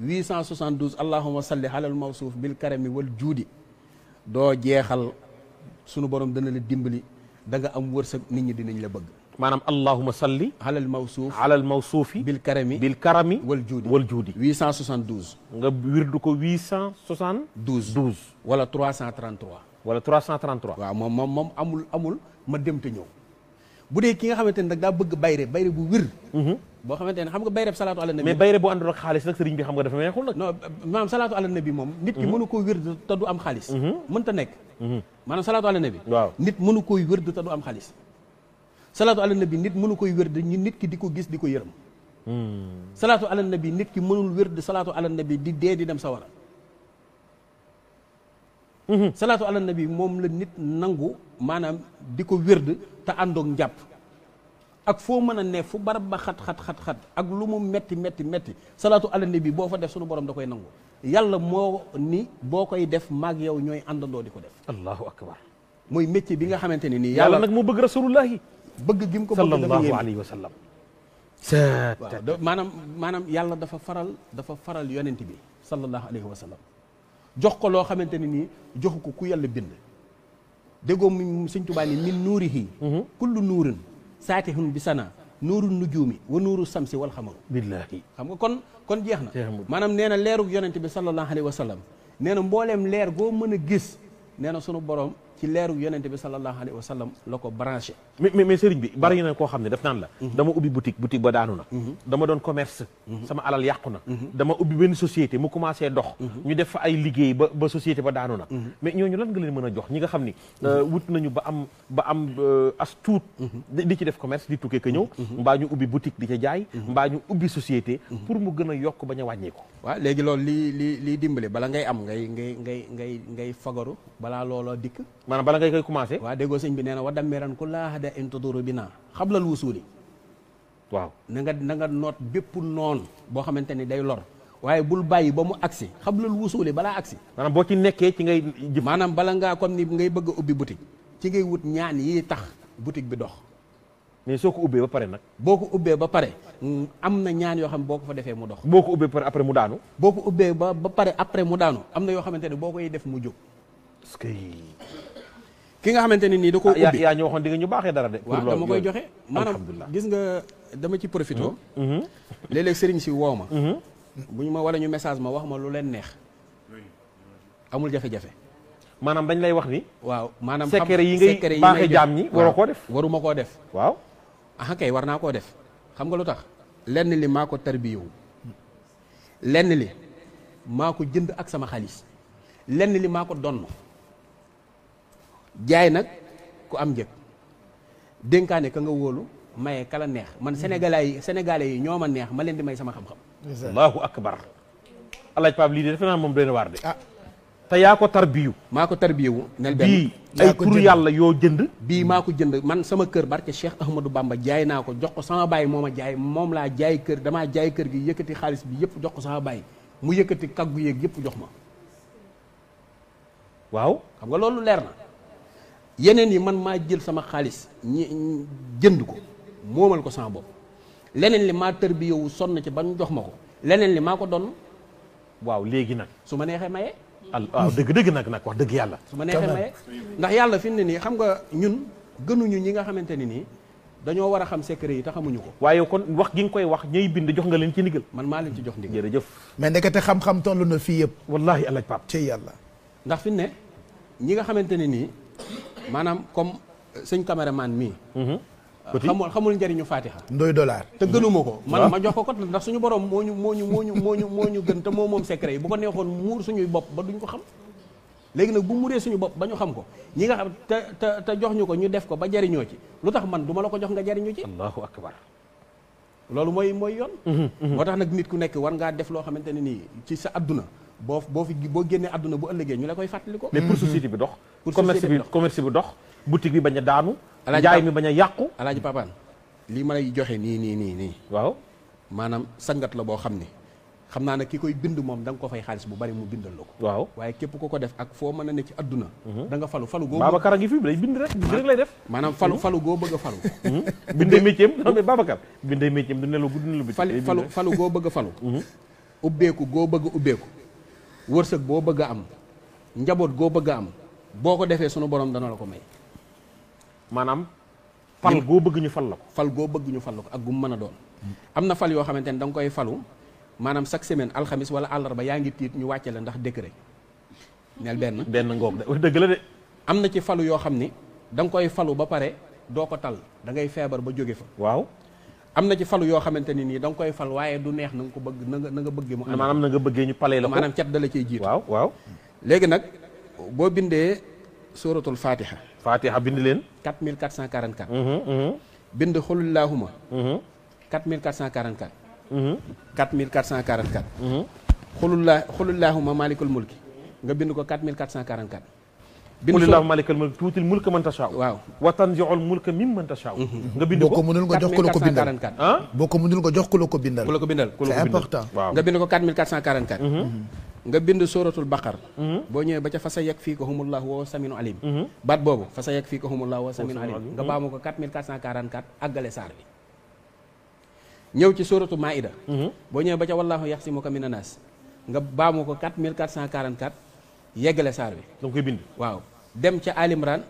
872 allahuma salli alal suuf bil karami wal juudi doo jeexal sunu borom dana la dimbali da nga am wërsëg nit ñi dinañ la bëgg. manam allahumma salli. ala al-mawsuf ala al-mawsuf bil karami bil karami. wal judi wal juudi. 872. nga wirdu ko 872. 12 wala 333. wala 333. wa mom mom mom amul amul ma dem te ñëw bu dee ki nga xamanteni nak da bëgg bayre bayre bu wir. boo xamante ne xam nga bayre salaatu ala nabi mais bayre bu àndul ak xaalis nag sëriñ bi xam nga dafa neexul nag non maanaam salaatu ala nabi moom nit ki mënu koo wér te du am xaalis mënta nekk maanaam salaatu ala nabi waaw nit mënu koy wér te du am xaalis salaatu ala nabi nit mënu koy wér nit ki di ko gis di ko yërëm salaatu ala nabi nit ki mënul wér de salaatu ala nabi di dee di dem sawara salaatu ala nabi moom la nit nangu maanaam di ko wér te àndoog njàpp ak fo meuna ne fu barab ba khat khat khat khat ak lu mu metti metti metti salatu ala nabi bo fa def sunu borom dakoy koy nangu yàlla mo ni boo def maag yow ñoy andando diko def allahu akbar moy metti bi nga xamanteni ni yàlla nak mo bëgg rasulullahi bëgg gim ko bëgg sallallahu alayhi wasallam manam manam yàlla dafa faral dafa faral yonent bi sallallahu alayhi wasallam jox ko lo xamanteni ni joxuko ku yàlla bind degom seigne touba ni min nurihi kullu nurin ساعتهم بسنة نور النجوم ونور الشمس والخمر بالله خمو كن كن جهنا ما نم نينا لير وجنتي بسال الله عليه وسلم نينا مبولم لير قوم من الجس نينا سنو بروم ci leeru yonente bi sallallahu alayhi wa sallam la ko branché mais mais sëriñ bi bari na koo xam ne daf naan la dama ubbi boutique boutique ba daanu na dama doon commerce sama alal yàqu na dama ubbi benn société mu commencé dox ñu def fa ay liggéey ba ba société ba daanu na mais ñooñu lan nga leen mën a jox ñi nga xam ni euh, wut nañu ba am ba am euh, as tuut di ci def commerce di tukkee ka ñëw mbaa ñu ubbi boutique di ca jaay mbaa ñu ubbi société pour mu gën a yokk ba a wàññee ko léegi loolu li li liy dimbali bala ngay am ngay ngay ngay ngay ngay fagaru balaa looloo dikk Mana bala ngay koy commencer wa dego sëñ bi neena wa dameran ku laa hada intuduru bina naa xablal wusuuli waaw na nga na nga note bepp non bo xamanteni day lor waye bul bayyi bamu aksi agsi xablal bala aksi manam bo ci nekké ci ngay manam bala nga comme ni ngay bëgg ubi boutique ci ngay wut ñaan yi tax boutique bi dox mais soko ubbe ba pare nak boko ubbe ba pare mm, amna ñaan yo xam boko fa defé mu dox boko ubbe par après mu daanu boko ubbe ba ba pare après mu daanu amna yo xamanteni xamante def mu jóg ki nga xamante ne nii da koo ah, ubbi yaa ñu waxoon di nga ñu baaxee dara de. pour loolu dama koy joxe maanaam gis nga dama ci profité. Mhm. Mhm. léeg-léeg sëriñ si woo ma. Mhm. bu ñu ma wala ñu message ma wax ma lu leen neex. amul jafe-jafe. maanaam dañ lay wax ni. waaw maanaam xam yi ngay baaxee jaam ñi waroo koo def. waruma koo def. waaw. ah war naa koo def. xam nga lu tax lenn li maa ko tarbiyewu lenn li maa ko jënd ak sama xaalis lenn li maa ko donn jaay nag ku am njëg dénkaane ka nga wóolu maye kala neex man mm-hmm. sénégalais yi sénégalais yi ñoo ma neex ma leen di may sama xam-xam allahu akbar alaaj Pape lii de defe naa moom doy na waar de ah. te yaa ko tarbiyu maa ko tarbiyu nel benn bii ay tur yàlla yoo jënd bii maa ko jënd man sama kër barke Cheikh Ahmadou Bamba jaay naa ko jox ko sama baay moom ma jaay moom laa jaay kër damaa jaay kër gi yëkkati xaalis bi yëpp jox ko sama baay mu yëkkati kaggu yeeg yëpp jox ma leer na yeneen yi man maa jël sama xaalis ñi jënd ko moomal ko sama bopp leneen li maa tër bi yow sonn ci ban jox ma ko leneen li maa ko donn waaw léegi nag su ma neexee maye. waaw dëgg dëgg nag nag wax dëgg yàlla. su ma neexee ndax yàlla fin mu ne nii xam nga ñun gënuñu ñi nga xamante ne nii dañoo war a xam secret yi te xamuñu ko. waaye kon wax gi nga koy wax ñay bind jox nga leen ci ndigal. man maa leen ci jox ndigal jërëjëf. mais ndekete xam-xam toll na fii yëpp. wallaahi alaaj pap ci yàlla. ndax fi ne ñi nga xamante ne nii maanaam comme euh, sëñ maan mii. Mhm. Euh, xamul xamul njëriñu Fatiha. ndoy dollar te gënuma ko. man ma jox ko ko ndax suñu borom moo ñu moo ñu moo ñu moo ñu moo ñu gën moo moom secret yi bu ko neexoon muur suñuy bopp ba duñ ko xam. léegi nag bu muree suñu bopp ba ñu xam ko ñi nga xam te te jox ñu ko ñu def ko ba jariñoo ci lu tax man du ma la ko jox nga jariñu ci. allahu akbar loolu mooy mooy yoon. Mhm, mhm. moo tax nag nit ku nekk war ngaa def loo xamante ne nii ci sa adduna. boo boo fi boo génnee àdduna bu ëllëgee ñu la koy fàttali ko mais pour mhm. société bi dox commerce bi commerce bi dox boutique bi bañ a daanu jaay mi bañ a yàqu alaaji papaan lii ma a joxe nii nii nii nii waaw maanaam sangat la boo xam ni xam naa ne ki koy bind moom da nga ko fay xaalis bu bari mu bindal la ko waaw waaye képp ku ko def ak foo mën a ne ci adduna mhm. da nga falu falu goo a ngi fi bind rek def maanaam falu mhm. falu goo bëgg a falu bindee métier am non mais Babacar bindee métier am du nelaw gudd nelaw bi falu falu bëgg a ubbeeku goo bëgg a wërsëg boo bëgg a am njaboot goo bëgg am boo ko defee sunu borom dana la ko may. maanaam. fal goo bëgg ñu fal la ko. fal goo bëgg ñu fal la ko ak mu mën a doon. am na fal yoo xamante ne da nga koy falu maanaam chaque semaine alxamis wala àllarba yaa ngi tiit ñu wàcce la ndax décret. neel benn benn ngoog de dëgg la de. am na ci falu yoo xam ni danga koy falu ba pare doo ko tal da ngay feebar ba jóge fa. waaw am na ci falu yoo xamante ni nii da nga koy fal waaye du neex na nga ko bëgg na nga na nga bëggee mu am maanaam na nga bëggee ñu palee la ko maanaam cat da la ciy jiitu waaw waaw léegi nag boo bindee suratul fatiha fatiha bind leen 4444 mhm, mhm. bind xulullaahuma 4444 4444 xulullaa xulullaahuma maalikul mulki nga bind ko 4444 qul malikul malikal mulk tuutil mulk man tasha waaw wa tanziul mulka mimman tasha mhm. nga bindu ko boo ko mënul nga jox ko lako bindal ah? boko boo ko mënul nga jox lako bindal ko bindal ko lako bindal nga bindu ko 4444 mhm. mhm. nga bindu suratul baqar bo ñewé ba ca fa sa yegg ko humullah wa samin alim bat bobu fa sa yegg fii ko humullah wa samin alim nga baamu ko 4444 agale sar bi ñew ci suratu maida bo ñewé ba ca wallahu yaxsimuka minan nas nga baamu ko 4444 yeggale saar bi da nga koy bind waaw dem ca alimran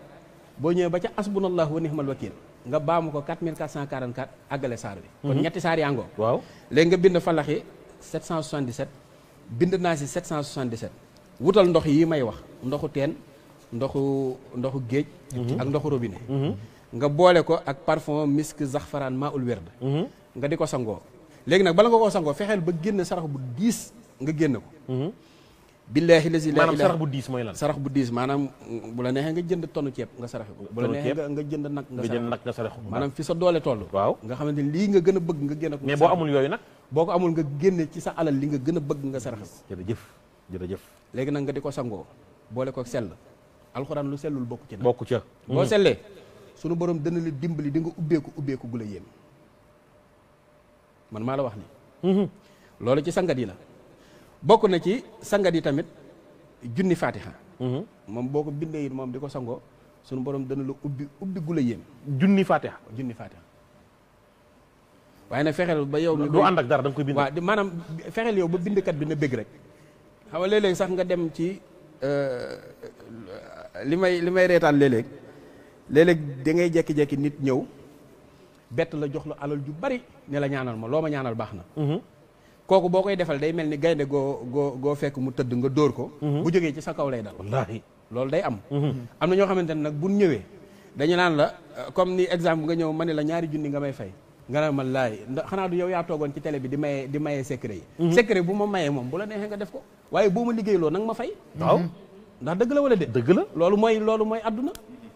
boo ñëwee ba ca asbunallahu wa nihmal wakil nga baamu ko 4444 àggale saar bi kon mhm. ñetti saar yaa ngoo waaw léegi nga bind falaxi 777 bind naa si 777 wutal ndox yi may wax ndoxu teen ndoxu ndoxu géej mhm. ak ndoxu robinet mhm. nga boole ko ak parfum misk zaxfaraan maul werd nga di ko sangoo léegi nag bala nga koo sangoo fexeel ba génn sarax bu diis nga génn ko billahi lazi la ilaha sarax bu lan sarax bu diis maanaam bu la nexe nga jënd tonu ceeb nga saraxe ko bu la neexee nga jënd nak nga jënd nak nga saraxe ko fi sa doole tollu waw nga xamanteni li nga gëna bëgg nga génne ko mais bo amul yoyu nak boko amul nga gënne ci sa alal li nga gëna bëgg nga jëra jëf jëra jëf nak nga di sango boole ko sel alquran lu selul bokku ci bokku ci bo hmm. selé suñu borom dana la dimbali di nga ko ubbe ko gula yeen man mala wax ni hmm. lolu ci sangat yi la bokk na ci sangat yi tamit junni fatiha mhm. moom boo ko bindee it moom di ko sangoo sunu borom dana la ubbi ubbi gula yéem junni fatiha junni fatiha waaye nag fexeel ba yow doo ànd ak dara da nga koy bind waaw maanaam fexeel yow ba bindkat bi na bëgg rek xam nga sax nga dem ci euh, li may li may reetaan léeg-léeg léeg da ngay jekki-jekki nit ñëw bett la jox la alal ju bari ne ñaanal ma loo ma ñaanal baax na mhm. kooku boo koy defal day mel ni gaynde goo goo goo fekk mu tëdd nga dóor ko mhm. bu jógee ci sa kaw lay dal wallaahi loolu day am mhm. am na ñoo xamante ne nag bu ñëwee dañu naan la euh, comme ni exemple nga ñëw ma ne la ñaari junni nga may fay nga naan man laay xanaa du yow yaa toogoon ci tele bi di maye di maye secret yi mhm. secret bu ma mayee moom bu la neexee nga def ko waaye boo ma liggéeyloo nag ma fay waaw ndax dëgg la wala de dëgg la loolu mooy loolu mooy àdduna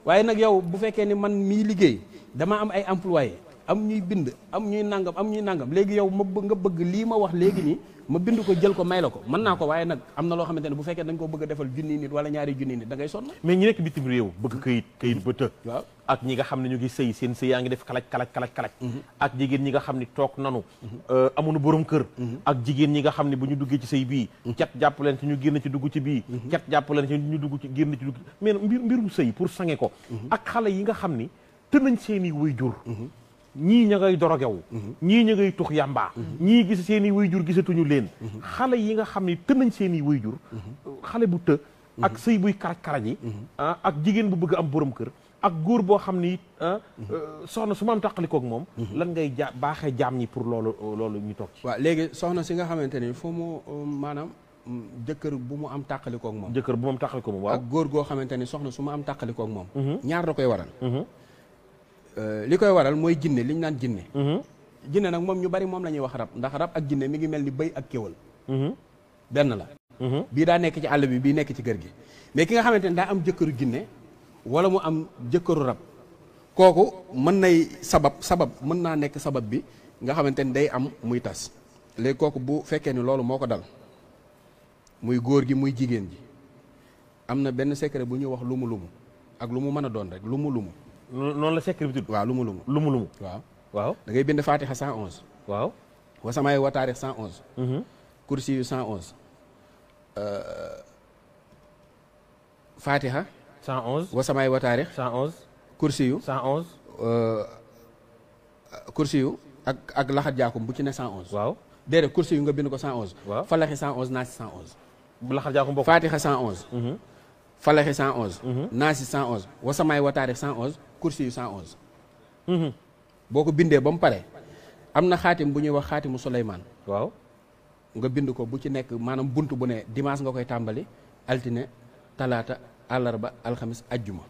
waaye nag yow bu fekkee ni man mii liggéey dama am ay employé am ñuy bind am ñuy nangam am ñuy nangam léegi yow ma nga bëgg lii ma wax léegi nii ma bind ko jël ko may la ko mën naa ko waaye nag am na loo xamante ne bu fekkee dañ ko bëgg defal junni nit wala ñaari junni nit da ngay sonn mais ñi nekk bitim réew bëgg këyit këyit ba ak ñi nga xam ne ñu ngi sëy seen sëy yaa ngi def kalaj kalaj kalaj kalaj mhm. ak jigéen ñi nga xam ne toog nanu mhm. euh, amuñu borom kër mhm. ak jigéen ñi nga xam ne bu ñu duggee ci sëy bii cat jàpp ñu génn dugg ci bii cat jàpp leen ci ñu dugg ci génn ci dugg mais mbir mbirum pour sange ko ak xale yi nga xam ni te nañ seeni waajur ñii ña ngay dorogewu mhm. ñii ña ngay tux yàmbaa mhm. ñii gis seen i wayjur gisatuñu leen mhm. xale yi nga xam ne të nañ seen i wayjur xale bu të ak sëy buy karaj-karaj yi ah, ak jigéen bu bëgg am borom kër ak góor boo xam ni ah, euh, soxna su ma am tàqalikoog moom lan ngay ja baaxee jaam ñi pour loolu loolu ñu toog ci léegi soxna si nga xamante ni foo mu euh, maanaam mm, jëkkër bu mu am tàqalikoog moom jëkkër bu mu am tàqalikoog moom waaw ak góor goo xamante ni soxna su ma am tàqalikoog moom ñaar da koy waral Euh, li koy waral mooy jinne li ñu naan jinne mhm. jinne nag moom ñu bari moom la ñuy wax rab ndax rab ak jinne mi ngi mel ni bëy ak kéwal mhm. benn la mhm. bii daa nekk ci àll bi bii nekk ci kër gi mais ki nga xamante ne daa am jëkkëru jinne wala mu am jëkkëru rab kooku mën nay sabab sabab mën naa nekk sabab bi nga xamante ni day am muy tas léegi kooku bu fekkee ni loolu moo ko dal muy góor gi muy jigéen ji am na benn secret bu ñuy wax lu lumu ak lu mu mën a doon rek lumu lumu noonu la secret bi tudd waaw lumu lumu waaw waaw da ngay bind fatiha 111 waaw wasamaay wa taarix 111 kursi yu 111 fatiha 111 wasamaay wa taarix 111 kursi yu 111 kursi yu ak ak laxat jaakum bu ci ne 111 waaw déedéet kursi yu nga bind ko 111 waaw falaxi 111 naasi 111 laxat jaakum bokk fatiha 111 Falaire 111 mm -hmm. Nasi 111 wasamaay wataarix 111 kursi 111 Mm -hmm. bindee ba mu pare am na xaatim bu ñuy wax xaatimu Souleymane waaw nga bind ko bu ci nekk maanaam bunt bu ne dimanche nga koy tàmbali altine talaata àllarba alxamis ajjuma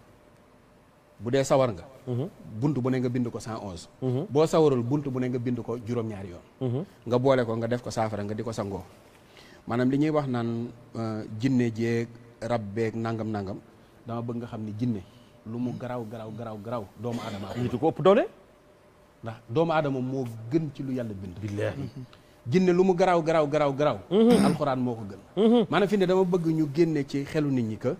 bu dee sawar nga mhm. bunt bu ne nga bind ko 111 mhm. boo sawarul buntu bu ne nga bind ko juróom-ñaari yoon mhm. nga boole ko nga def ko saafara nga diko sango manam maanaam li ñuy wax naan euh, jinne rab beeg nangam nangam dama bëgg nga xam ni jinne lu mu garaaw garaw garaaw garaw doomu aadama nitu ko ëpp doole ndax doomu aadama moo gën ci lu yàlla bind billaahi jinne lu mu garaaw garaaw garaw garaaw mhm. alxuraan moo ko gën mhm. maanaam fi ne dama bëgg ñu génne ci xelu nit ñi que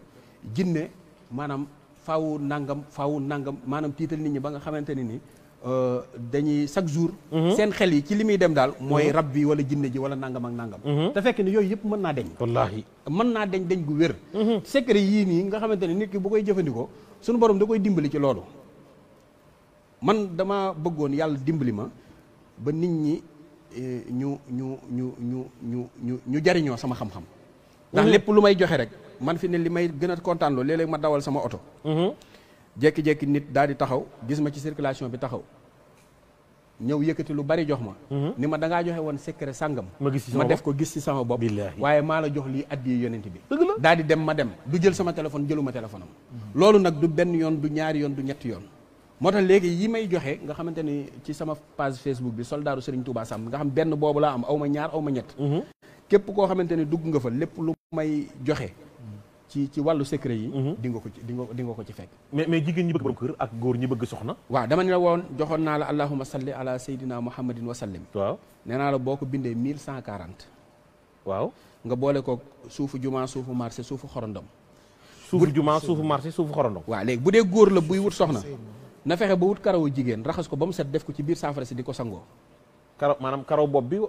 jinne maanaam faawu nangam faawu nangam maanaam tiital nit ñi ba nga xamante ni nii Euh, dañuy chaque jour. Mhm. seen xel yi ci li muy dem daal. Mhm. mooy rab bi wala jinne ji wala nangam ak nangam. Mhm. te fekk ne yooyu yëpp mën naa deñ. wallaahi mën naa deñ deñ gu wér. secret yii nii nga xamante ne nit ki bu koy jëfandikoo suñu borom da koy dimbali ci loolu. man dama bëggoon yàlla dimbali ma ba nit ñi eh, ñu ñu ñu ñu ñu ñu ñu jariñoo sama xam-xam. ndax lépp lu may joxe rek man fi ne li may gën a kontaan loolu léeg ma dawal sama oto. jékki-jékki nit daal di taxaw gis ma ci circulation bi taxaw ñëw yëkkati lu bari jox ma mhm. ni ma da ngaa joxe woon secret sàngam ma def ko gis ci sama bopp waaye maa la jox lii addi yonent bi daal di dem ma dem du jël sama téléphone jëluma téléphone am mhm. loolu nag du benn yoon du ñaari yoon du ñetti yoon moo tax léegi yi may joxe nga xamante ni ci sama page Facebook bi soldaaru Serigne Touba Samb nga xam benn boobu laa am aw ma ñaar aw ma ñett mhm. képp koo xamante ni dugg nga fa lépp lu may joxe ci ci wàllu secret yi. Mhm. di nga ko ci di nga ko ci fekk. mais mais jigéen ñi bëgg borom kër ak góor ñi bëgg soxna. waaw dama ne la woon joxoon naa la allahumma salli ala sayyidina muhammadin wa sallim. waaw la boo ko bindee mille cent quarante. waaw nga boole ko suufu jumaa suufu marché suufu xorondom. suufu jumaa suufu marché suufu xorondom. waa léegi bu dee góor la buy wut soxna. na fexe ba wut karawu jigéen raxas ko ba mu set def ko ci biir saafara si di ko sangoo. karaw maanaam karaw bopp bi.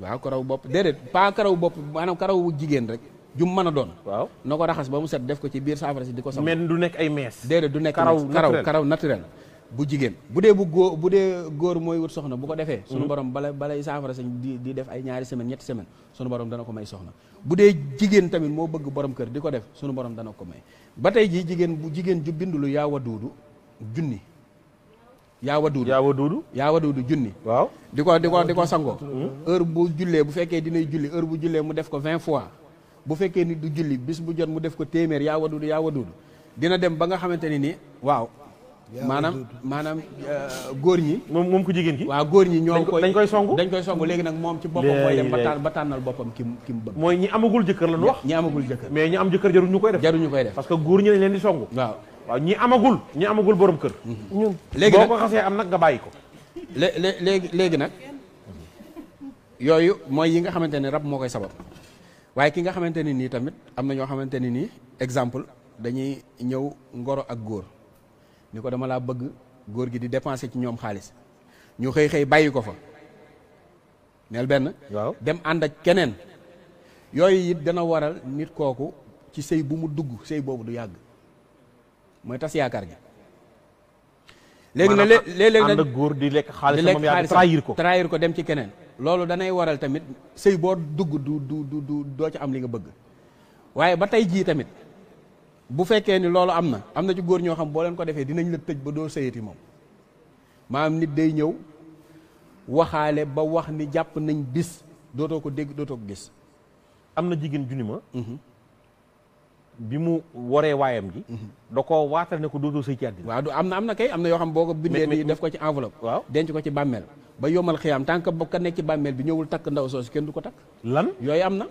waaw karaw bopp déedéet pas karaw bopp maanaam karawu jigéen rek jum mën a doon. waaw na ko raxas ba mu set def ko ci biir saafara si di ko. mais du nekk ay mees. déedéet du nekk karaw karaw naturel bu jigéen bu dee bu góor bu dee góor mooy wut soxna bu ko defee sunu mhm. borom bala balay saafara sañ di di def ay ñaari semaine ñetti semaine sunu borom dana ko may soxna bu dee jigéen tamit moo bëgg borom kër di ko def sunu borom dana ko may ba tey jii jigéen bu jigéen ju bindulu yaa waduudu junni yaa waduudu yaa waduudu yaa waduudu junni waaw di ko di ko di ko sangoo mhm. heure bu jullee bu fekkee julli heure bu jullee mu def ko vingt fois bu fekkee ni du julli bis bu jot mu def ko téeméer yaa wadudu yaa wadudu dina dem ba nga xamanteni ni ni waaw manam maanaam euh, góor ñi mom mom ko jigen ki wa góor ñi ñoo koy dañ koy songu dañ koy songu legi nak mom ci bopam moy dem ba kim bëgg moy ñi amagul la wax ñi amagul mais ñi am jëkkër jaru koy def jaruñu koy def parce que góor ñi lañ leen di songu wa wa ñi amagul ñi amagul borom kër mhm. ñun legi boko xasse am nak nga bayiko legi legi nak nag yooyu yi nga xamanteni rab koy sabab waaye ki nga xamante ne nii tamit am na ñoo xamante ne nii exemple dañuy ñëw ngoro ak góor ni ko dama laa bëgg góor gi di dépenser ci ñoom xaalis ñu xëy xëy bàyyi ko fa neel benn. waaw dem ànd ak keneen. yooyu it dana waral nit kooku ci sëy bu mu dugg sëy boobu du yàgg mooy tas yaakaar gi. léegi nag léeg-léeg nag ànd di lekk xaalis moom yaa trahir ko trahir ko dem ci keneen. loolu danay waral tamit sëy boo dugg du du du doo ci am li nga bëgg waaye ba tey jii tamit bu fekkee ni loolu am na am na ci góor ñoo xam boo leen ko defee dinañ la tëj ba doo sëyati moom maanaam nit day ñëw waxaale ba wax ni jàpp nañ bis dootoo ko dégg dootoo gis. am na jigéen junni ma. Mhm. bi mu waree waayam ji. Mhm. da koo ko dootoo sëy ci àddina. waaw du am na am na kay am na yoo xam boo ko bindee nii def ko ci enveloppe. waaw denc ko ci bàmmeel. ba yomal xiyaam tant que bokk nekk ci bàmmeel bi ñëwul takk ndaw soosu kenn du ko takk. lan yooyu am na.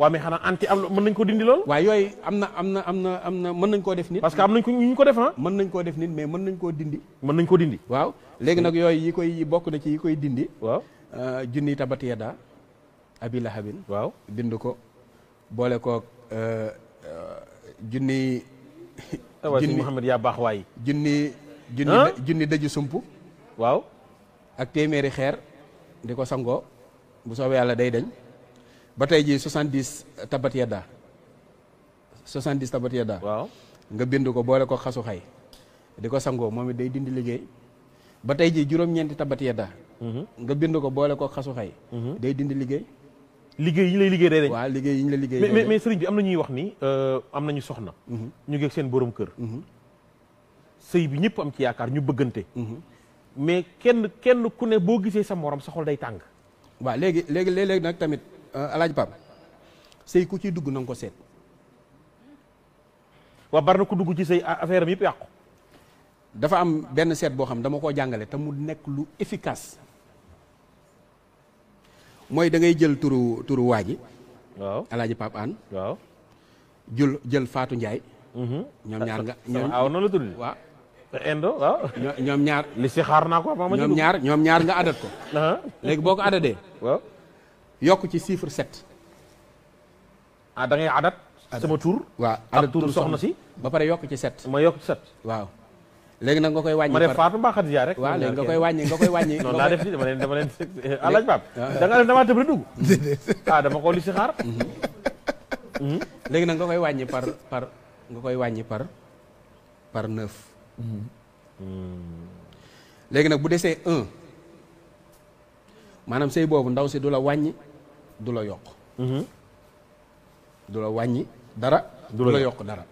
waaw mais xanaa anti am mën nañ ko dindi lool. waaw yooyu am na am na am na am na mën nañ koo def nit. parce que am nañ ko ñu ko def ah? mën nañ koo def nit mais mën nañ koo dindi. mën nañ koo dindi. waaw léegi nag yooyu yii koy bokk na ci yi koy dindi. waaw euh, junni tabat yada abi lahabin. waaw bind ko boole koog euh, euh, junni. junni waaw Muhammad yaa baax waay. junni junni junni daju sump waaw. ak téeméeri xeer di ko sangoo bu soobee yàlla day dañ ba tey jii 70 tabat yedda 70 tabat yedda waaw nga bind ko boole ko xasu xay di ko sangoo moom it day dindi liggéey ba tey jii juróom-ñeenti tabat yedda mhm. nga bind ko boole ko xasu xay mhm. day dindi liggéey liggéey yi ñu lay liggéey day dañ waaw liggéey yi ñu lay liggéey mais mais sëriñ bi am na ñuy wax ni euh, am nañu soxna mhm. ñu ngeeg seen borom kër sëy bi ñëpp am ci yaakaar ñu bëggante mais kenn kenn ku ne boo gisee sa morom sa day tàng. waa léegi léegi léeg-léeg nag tamit euh, alaaj Pam sëy ku ciy dugg na ko seet. waaw bari na ku dugg ci sëy affaire am yëpp yàqu. dafa am benn seet boo xam dama koo jàngale te mu nekk lu efficace. mooy dangay jël turu turu waa ji. waaw alaaji Pape Hann. jël jël Fatou Ndiaye. Mhm. ñoom ñaar noonu la tudd. waaw. indo waaw. ñoom ñaar li si xaar naa ko. ñoom ñaar ñoom ñaar nga adat ko. Uh-huh. léegi boo ko adadee. waaw yokk ci chiffre sept. ah da ngay adat. sama tur. waaw adat tur soxna si. ba pare yokk ci sept. ma yokk waaw. léegi nag nga koy wàññi. ma ne nga koy wàññi nga koy wàññi. non laa def dama dama leen ah. dugg. ah dama ko li xaar. Mhm. Mhm. léegi nag nga koy wàññi par par nga koy wàññi par par Mm. léegi nag bu desee un maanaam sëy boobu ndaw si du la wàññi du la yokk mm-hmm. du la wàññi dara du la yokk dara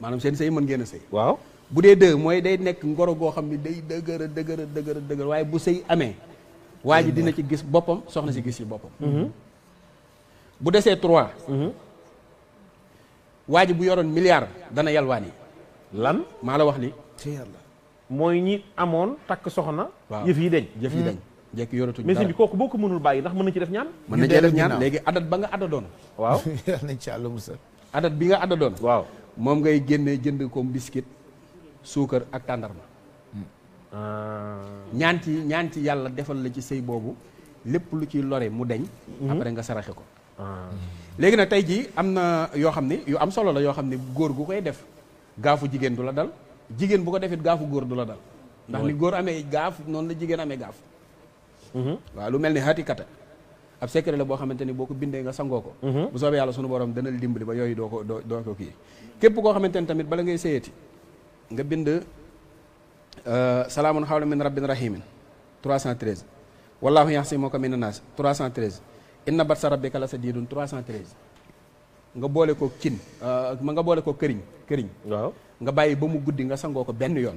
maanaam seen sëy mën ngeen a sëy waaw bu dee deux mooy day nekk ngoro goo xam ne day dëgëra dëgëra dëgëra dëgër waaye bu sëy amee waa ji dina ci gis boppam soxna si gis ci boppam mm-hmm. bu desee trois mm-hmm. waa bu yoroon milliard dana yalwaan yi lan maa la wax li ci yàlla mooy ñi amoon takk soxna yëf yi deñ yëf yi deñ hmm. jekki yoonatuñu dara mais bi mënul ndax na ci def ñaan mën ci def ñaan adat ba nga ada waaw yàlla ci musa adat bi nga ada waaw moom ngay génnee jënd ko biscuit suukar ak tàndarma ah. ñaan ci ñaan ci yàlla defal la ci sëy boobu lépp lu ci lore mu deñ hmm. après nga ko ah. am yu am solo la yo xam ne góor gu koy def gafu jigen dula dal jigen bu ko defit gaafu gor du la dal ndax ni gor amé gaaf non la jigen amé gaaf mhm. wa lu mel ni kata ab secret la bo xamanteni boko bindé nga sangoo ko mhm. bu soobee yalla sunu borom dana dimbali ba yoy do ko do ko ki kep ko xamanteni tamit bala ngay seyeti nga bind euh, salamun xawla min rabbin rahimin 313 wallahu yahsimuka mina nas 313 inna batsa rabbika lasadidun sa 313 nga boole ko cin ma euh, nga boole ko këriñ këriñ waaw nga bàyyi ba mu guddi nga sangoo ko benn yoon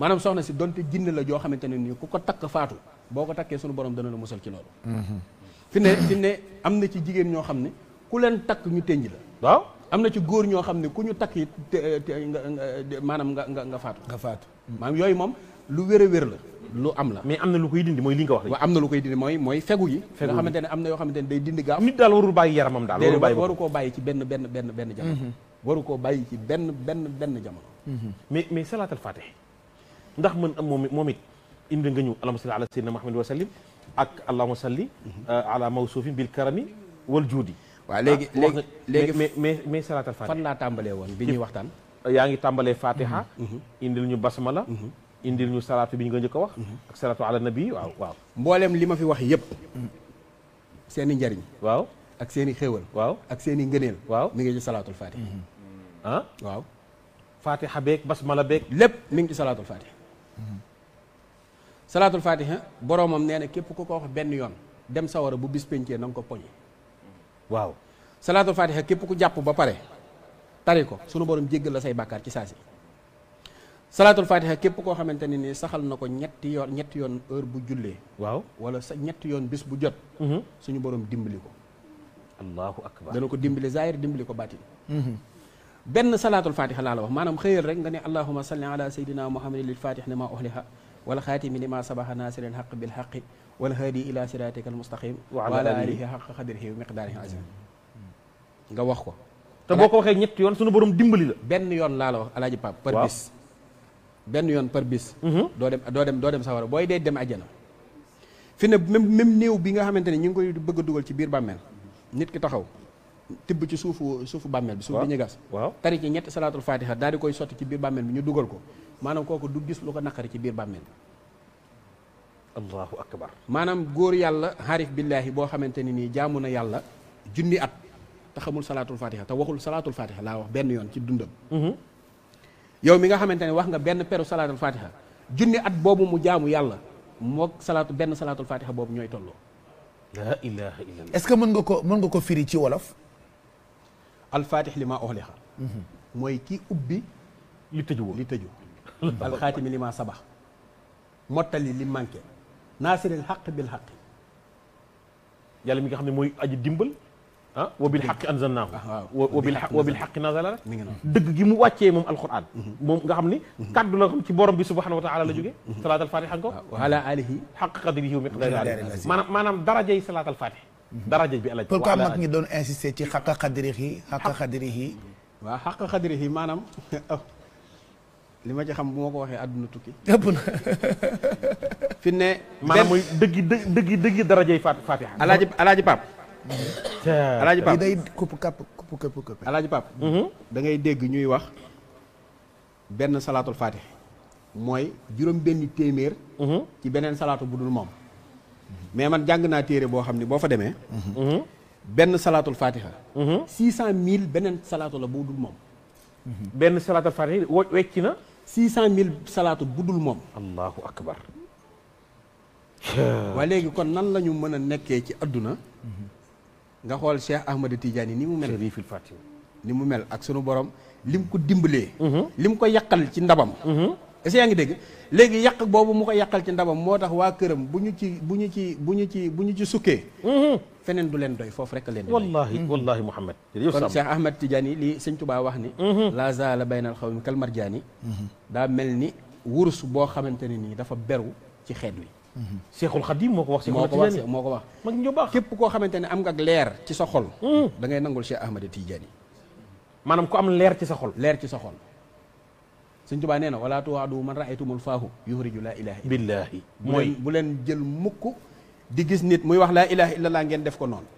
maanaam soxna si donte jinne la joo xamante ne nii ku ko takk faatu boo ko takkee sunu borom dana la musal ci loolu mm-hmm. fi ne fi ne am na ci jigéen ñoo xam ne ku leen takk ñu tënj la waaw am na ci góor ñoo xam ne ku ñu takk it maanaam nga nga nga faatu nga faatu maanaam yooyu moom lu wér wér la lu am la mais am na lu koy dindi mooy li nga wax waaw am na lu koy dindi mooy mooy fegu yi nga xamante ne am na yoo xamante ne day dindi gaaf nit daal warul bàyyi yaramam daal waru koo bàyyi ci benn benn benn jamono waru koo bàyyi ci benn benn benn jamono mais salaatal fatih ndax mën am moom moom it indi nga ñu allahumma salli ala sayyidina Muhammad wa sallim ak allahumma salli mhm. euh, ala mawsuufin bil karami wal juudi waaw léegi ah, léegi léegi mais mais mais salaatal fatih fan laa tàmbalee woon bi ñuy waxtaan yaa ngi tàmbalee fatiha mhm. mhm. indil ñu basmala indi ñu salaatu bi ñu nga njëkk a wax mhm. ak salaatu ala nabi waaw waaw mbooleem li ma fi wax yëpp seen njariñ waaw ak seeni xéwal waaw ak seeni i ngëneel waaw mi ngi ci salaatul fatiha mhm. mhm. ah waaw fatiha beeg lépp mi ngi ci salaatul fatiha salaatul fatiha boroomam nee na képp ku ko wax benn yoon dem sawara bu bis pencee na nga ko poñe waaw salaatul fatiha képp ku jàpp ba pare tari ko sunu borom jéggal la say bàkkaar ci saasi salaatul fatiha képp koo xamante ne nii saxal na ko ñetti yoon ñetti yoon heure bu jullee waaw wala sa yoon bis bu jot suñu borom dimbali ko allahu akbar dana ko dimbali zahir dimbali ko baatin benn salaatul fatiha laa la wax maanaam xëyal rek nga ne allahuma salli ala sayyidina muhammadin lil fatihi lima uhliha wal xaatimi lima sabaha naasiril haq bil haqi wal haadi ila siratika al mustaqim wa ala alihi haq xadirihi wa miqdaarihi azim nga wax ko te boo ko waxee yoon suñu borom dimbali la benn yoon laa la wax alaaji pap par bis ben yon par bis. Mhm. do dem do dem do dem sawara boy day dem aljana fi ne même new bi nga xamanteni ni ñu ngi koy bëgg duggal ci biir bammel nit ki taxaw tib ci suufu suufu bammel bi. suufu bi ñu gas. tari ci ñetti salatul fatiha dal di koy soti ci biir bammel bi ñu duggal ko manam koku du gis lu ko nakari ci biir bammel allahu akbar Manam goor yalla harif billahi bo xamanteni ni jaamuna yalla jundi at taxamul salatul fatiha te waxul salatul fatiha la wax ben yon ci dundam. Mhm. yow mi nga xamante ne wax nga benn peru salaatul fatiha junni at boobu mu jaamu yàlla moog salaatu benn salaatu fatiha boobu ñooy tolloo. la ilaha illallah est-ce que mën nga ko mën nga ko firi ci wolof. alfatih li ma uxliqa mhm. mooy kii ubbi. li tëju woon li tëju. alxaatimi li ma sabax. mottali li manqué. naasiril xaq bil xaq. yàlla mi nga xam ne mooy aji dimbal. وبالحق انزلناه آه، آه، وبالحق وبالحق نزل دغ جي مو واتي موم القران موم غا خامني كاد لا خم سي بوروم بي سبحانه وتعالى لا جوغي صلاه الفاتحه كو وعلى اله حق قدره ومقداره مانام مانام درجه صلاه الفاتحه درجه بي الله بوكو ماك ني دون انسيستي سي حق قدره حق قدره وا حق قدره مانام لما جا خم موكو واخي ادنا توكي في ني مانام دغي دغي دغي درجه فاتحه الله جي الله جي باب alaaji Pape day kupp kapp kupp mhm. da ngay dégg ñuy wax benn salaatul fatih mooy juróom benn téeméer mhm. ci beneen salaatu bu dul moom mais man jàng naa téere boo xam ne boo fa demee mhm. benn salaatul fatiha six cent mille beneen salaatu la bu dul moom benn salaatul fatiha wo na six cent mille salaatu bu dul moom allahu akbar waaye léegi kon nan lañu mën a nekkee ci adduna nga xool Cheikh Ahmada Tidiane ni mu mel. Cherifil ni mu mel ak sunu borom lim ko dimbalee. Mhm. lim ko yàqal ci ndabam. Mhm. est-ce que yaa ngi dégg léegi yàq boobu mu ko yàqal ci ndabam moo tax waa këram bu ñu ci bu ñu ci bu ñu ci bu ñu ci sukkee. Mhm. feneen du leen doy foofu rek leen doy. wallaahi wallaahi Mouhamed. kon Cheikh Ahmad Tidiane lii sëñ Tuubaa wax ni. laa zaala baynal xawmi kal marjaani daa mel ni wurus boo xamante ne nii dafa beru ci xeet wi. Mhm. seexul khadim moo ko wax seexul tijaani moo ko wax mag ñu baax képp koo xamante ne am nga ak leer ci sa xol mhm. da ngay nangul Cheikh Ahmada Tijaani maanaam ku am leer ci sa xol leer ci sa xol sëñ Tuubaa nee wala tuwaadu man raaytumul faahu yuhriju laa ilaha billaahi mooy bu leen jël mukk di gis nit muy wax laa ilaha illallah ngeen def ko noonu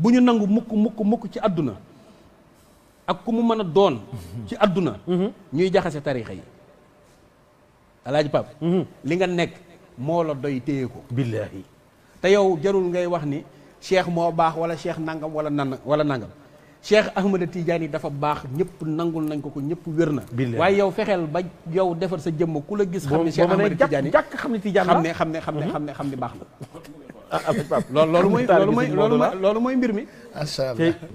bu ñu nangu mukk mukk mukk ci aduna. ak ku mu mën doon mhm. ci aduna. ñuy jaxase tarixa yi alaaji pap mhm. li nga nekk moo la doy téye ko billaahi te yow jarul ngay wax ni cheikh moo baax wala cheikh nangam wala nan wala nangam cheikh ahmada tidiane dafa baax ñëpp nangul nañ ko ko ñëpp wér na waaye yow fexeel ba yow defar sa jëmm ku la gis xam ne cheikh ahmada tidiane jàkk xam ne tidiane xam ne xam ne xam ne mhm. xam ne xam ne baax na Ah, ah, loolu loolu mooy loolu mooy loolu mooy mbir mi.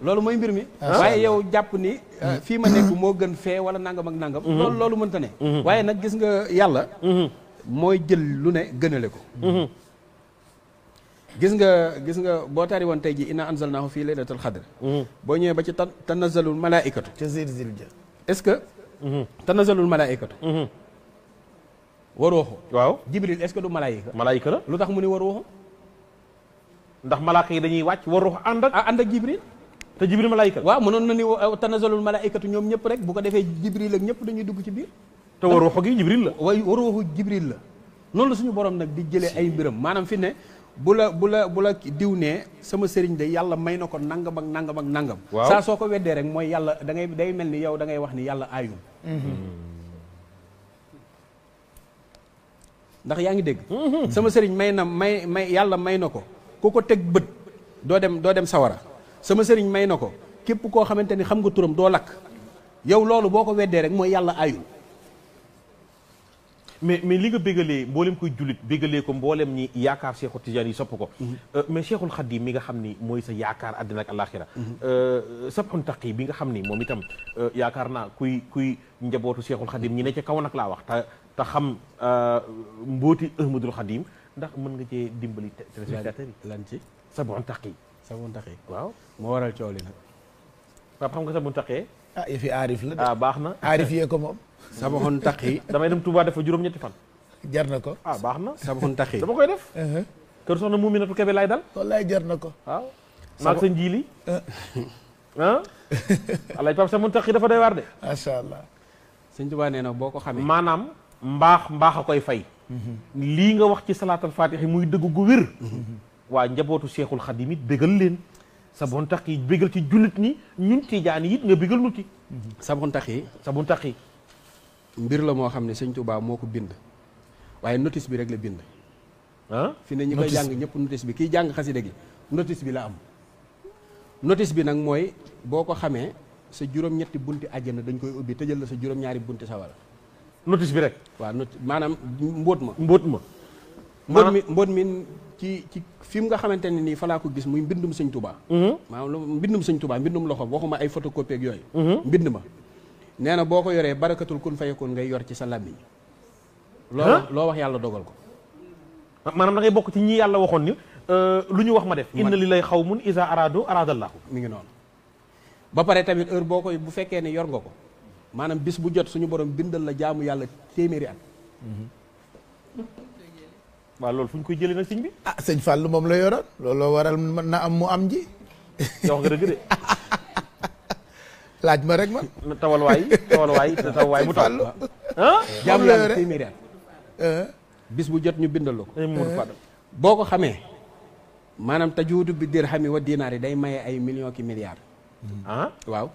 loolu mooy mbir mi. waaye yow jàpp ni. Ah. Eh, fii ma nekk moo gën fee wala nangam ak nangam. Mhm. loolu loolu mënta ne. Mhm. waaye nag gis nga yàlla. Mhm. mooy jël lu ne gënale ko. gis nga gis nga boo taari woon tey ji inna anzalnaahu fii laylatul xadr boo ñëwee ba ci tan tanazalul malaaikatu ca zilzil ja est-ce que tanazalul malaaikatu waaw jibril est-ce que du malaayika malaayika la lu tax mu ni warooxu ndax malaaka yi dañuy wàcc war ruux ànd ak ah, ànd ak jibril te jibril malaayika waaw mënoon na ni uh, tanazalul malaayikatu ñoom ñëpp rek bu ko defee jibril ak ñëpp dañuy dugg ci biir te war ruuxu gi jibril la way war jibril la noonu suñu borom nag di jëlee ay mbiram maanaam fi ne bu la bu la bu diw nee sama sëriñ de yàlla may na ko nangam ak nangam ak nangam saa soo ko weddee rek mooy yàlla dangay day mel ni yow da ngay wax ni yàlla aayul mm-hmm. ndax yaa ngi dégg mm-hmm. sama sëriñ may na may may yàlla may na ko ku ko teg bët doo dem doo dem sawara sama sëriñ may na ko képp koo xamante ni xam nga turam doo lakk yow loolu boo ko weddee rek mooy yàlla ayul mais mais li nga bégalee mboolem koy jullit bégalee ko mboolem ñi yaakaar Cheikhul Tidiane yi sopp ko mhm. euh, mais Cheikhul Khadim mi nga xam ni mooy sa yaakaar àddina ak alaxira mhm. euh, sabxun taqi bi nga xam ni moom itam euh, yaakaar naa kuy kuy njabootu Cheikhul Khadim ñi ne ca kaw nag laa wax te te xam mbooti Ahmadul Khadim ndax mën nga cee dimbali téléspectateurs yi lan ci sabon taqi sabon taqi waaw moo waral coow li nag waaw xam nga sabon taqee ah yëfi aarif la ah baax na aarif yee ko moom sabon taqi damay dem Touba dafa juróom fan jar na ko ah baax na sabon taqi dama koy def uh-huh. kër soxna Muminatu Kebe laay dal wallaay jar na ko waaw maag sa njiili uh-huh. ah alaaj pap sabon taqi dafa doy waar de macha allah sëñ Touba nee na boo ko xamee maanaam mbaax mbaax a koy fay li nga wax ci salatul fatihi muy deug gu wir wa njabootu cheikhul xadim it bégal leen sa bon taxi yi ci julit ni ñun tiijaan yi nga bégal nuti sa bon taxi sa bon taxi mbir la mo xamne seigne touba moko bind waye notice bi rek la bind ah fi ne ñi ko jang ñep notice bi ki jang xasida gi notice bi la am notice bi nak moy boko xame sa juróom-ñetti bunti aljana dañ koy ubbi tëjal la sa juróom-ñaari bunti sawal notice bi rek. waaw noti maanaam mbóot ma. mbóot ma. mi mbóot mi ci ci fi mu nga xamante ne nii falaa ko gis muy mbindum sëñ Touba. Mhm. maanaam mbindum sëñ Touba mbindum loxo waxuma ay photocopie ak yooyu. Mhm. mbind ma. nee na boo ko yoree barakatul kun fayakoon ngay yor ci sa làmmiñ. loo loo wax yàlla dogal ko. Ah, maanaam da bokk ci ñi yàlla waxoon ni euh, lu ñu wax ma def. inna li lay xaw mun isa araadu araadallahu mi ngi noonu. ba pare tamit heure boo koy bu fekkee ne yor nga ko. manam bis bu jot suñu borom bindal la jaamu yalla téeméeri at. waaw loolu fu ñu koy jëlé nak señ bi. ah señ Fall mom la yoroon looloo waral na am mu am ji. wax nga dëgg de. laaj ma rek ma. tawal way tawal way na tawal waay mu taw. han jaamu yalla téeméeri at. euh bis bu jot ñu bindal la ko. Eh, eh. boo ko xamee. maanaam tajuudu bi dirhami wa dinari day maye ay millions ki milliards. han waaw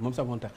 mom sa fon tax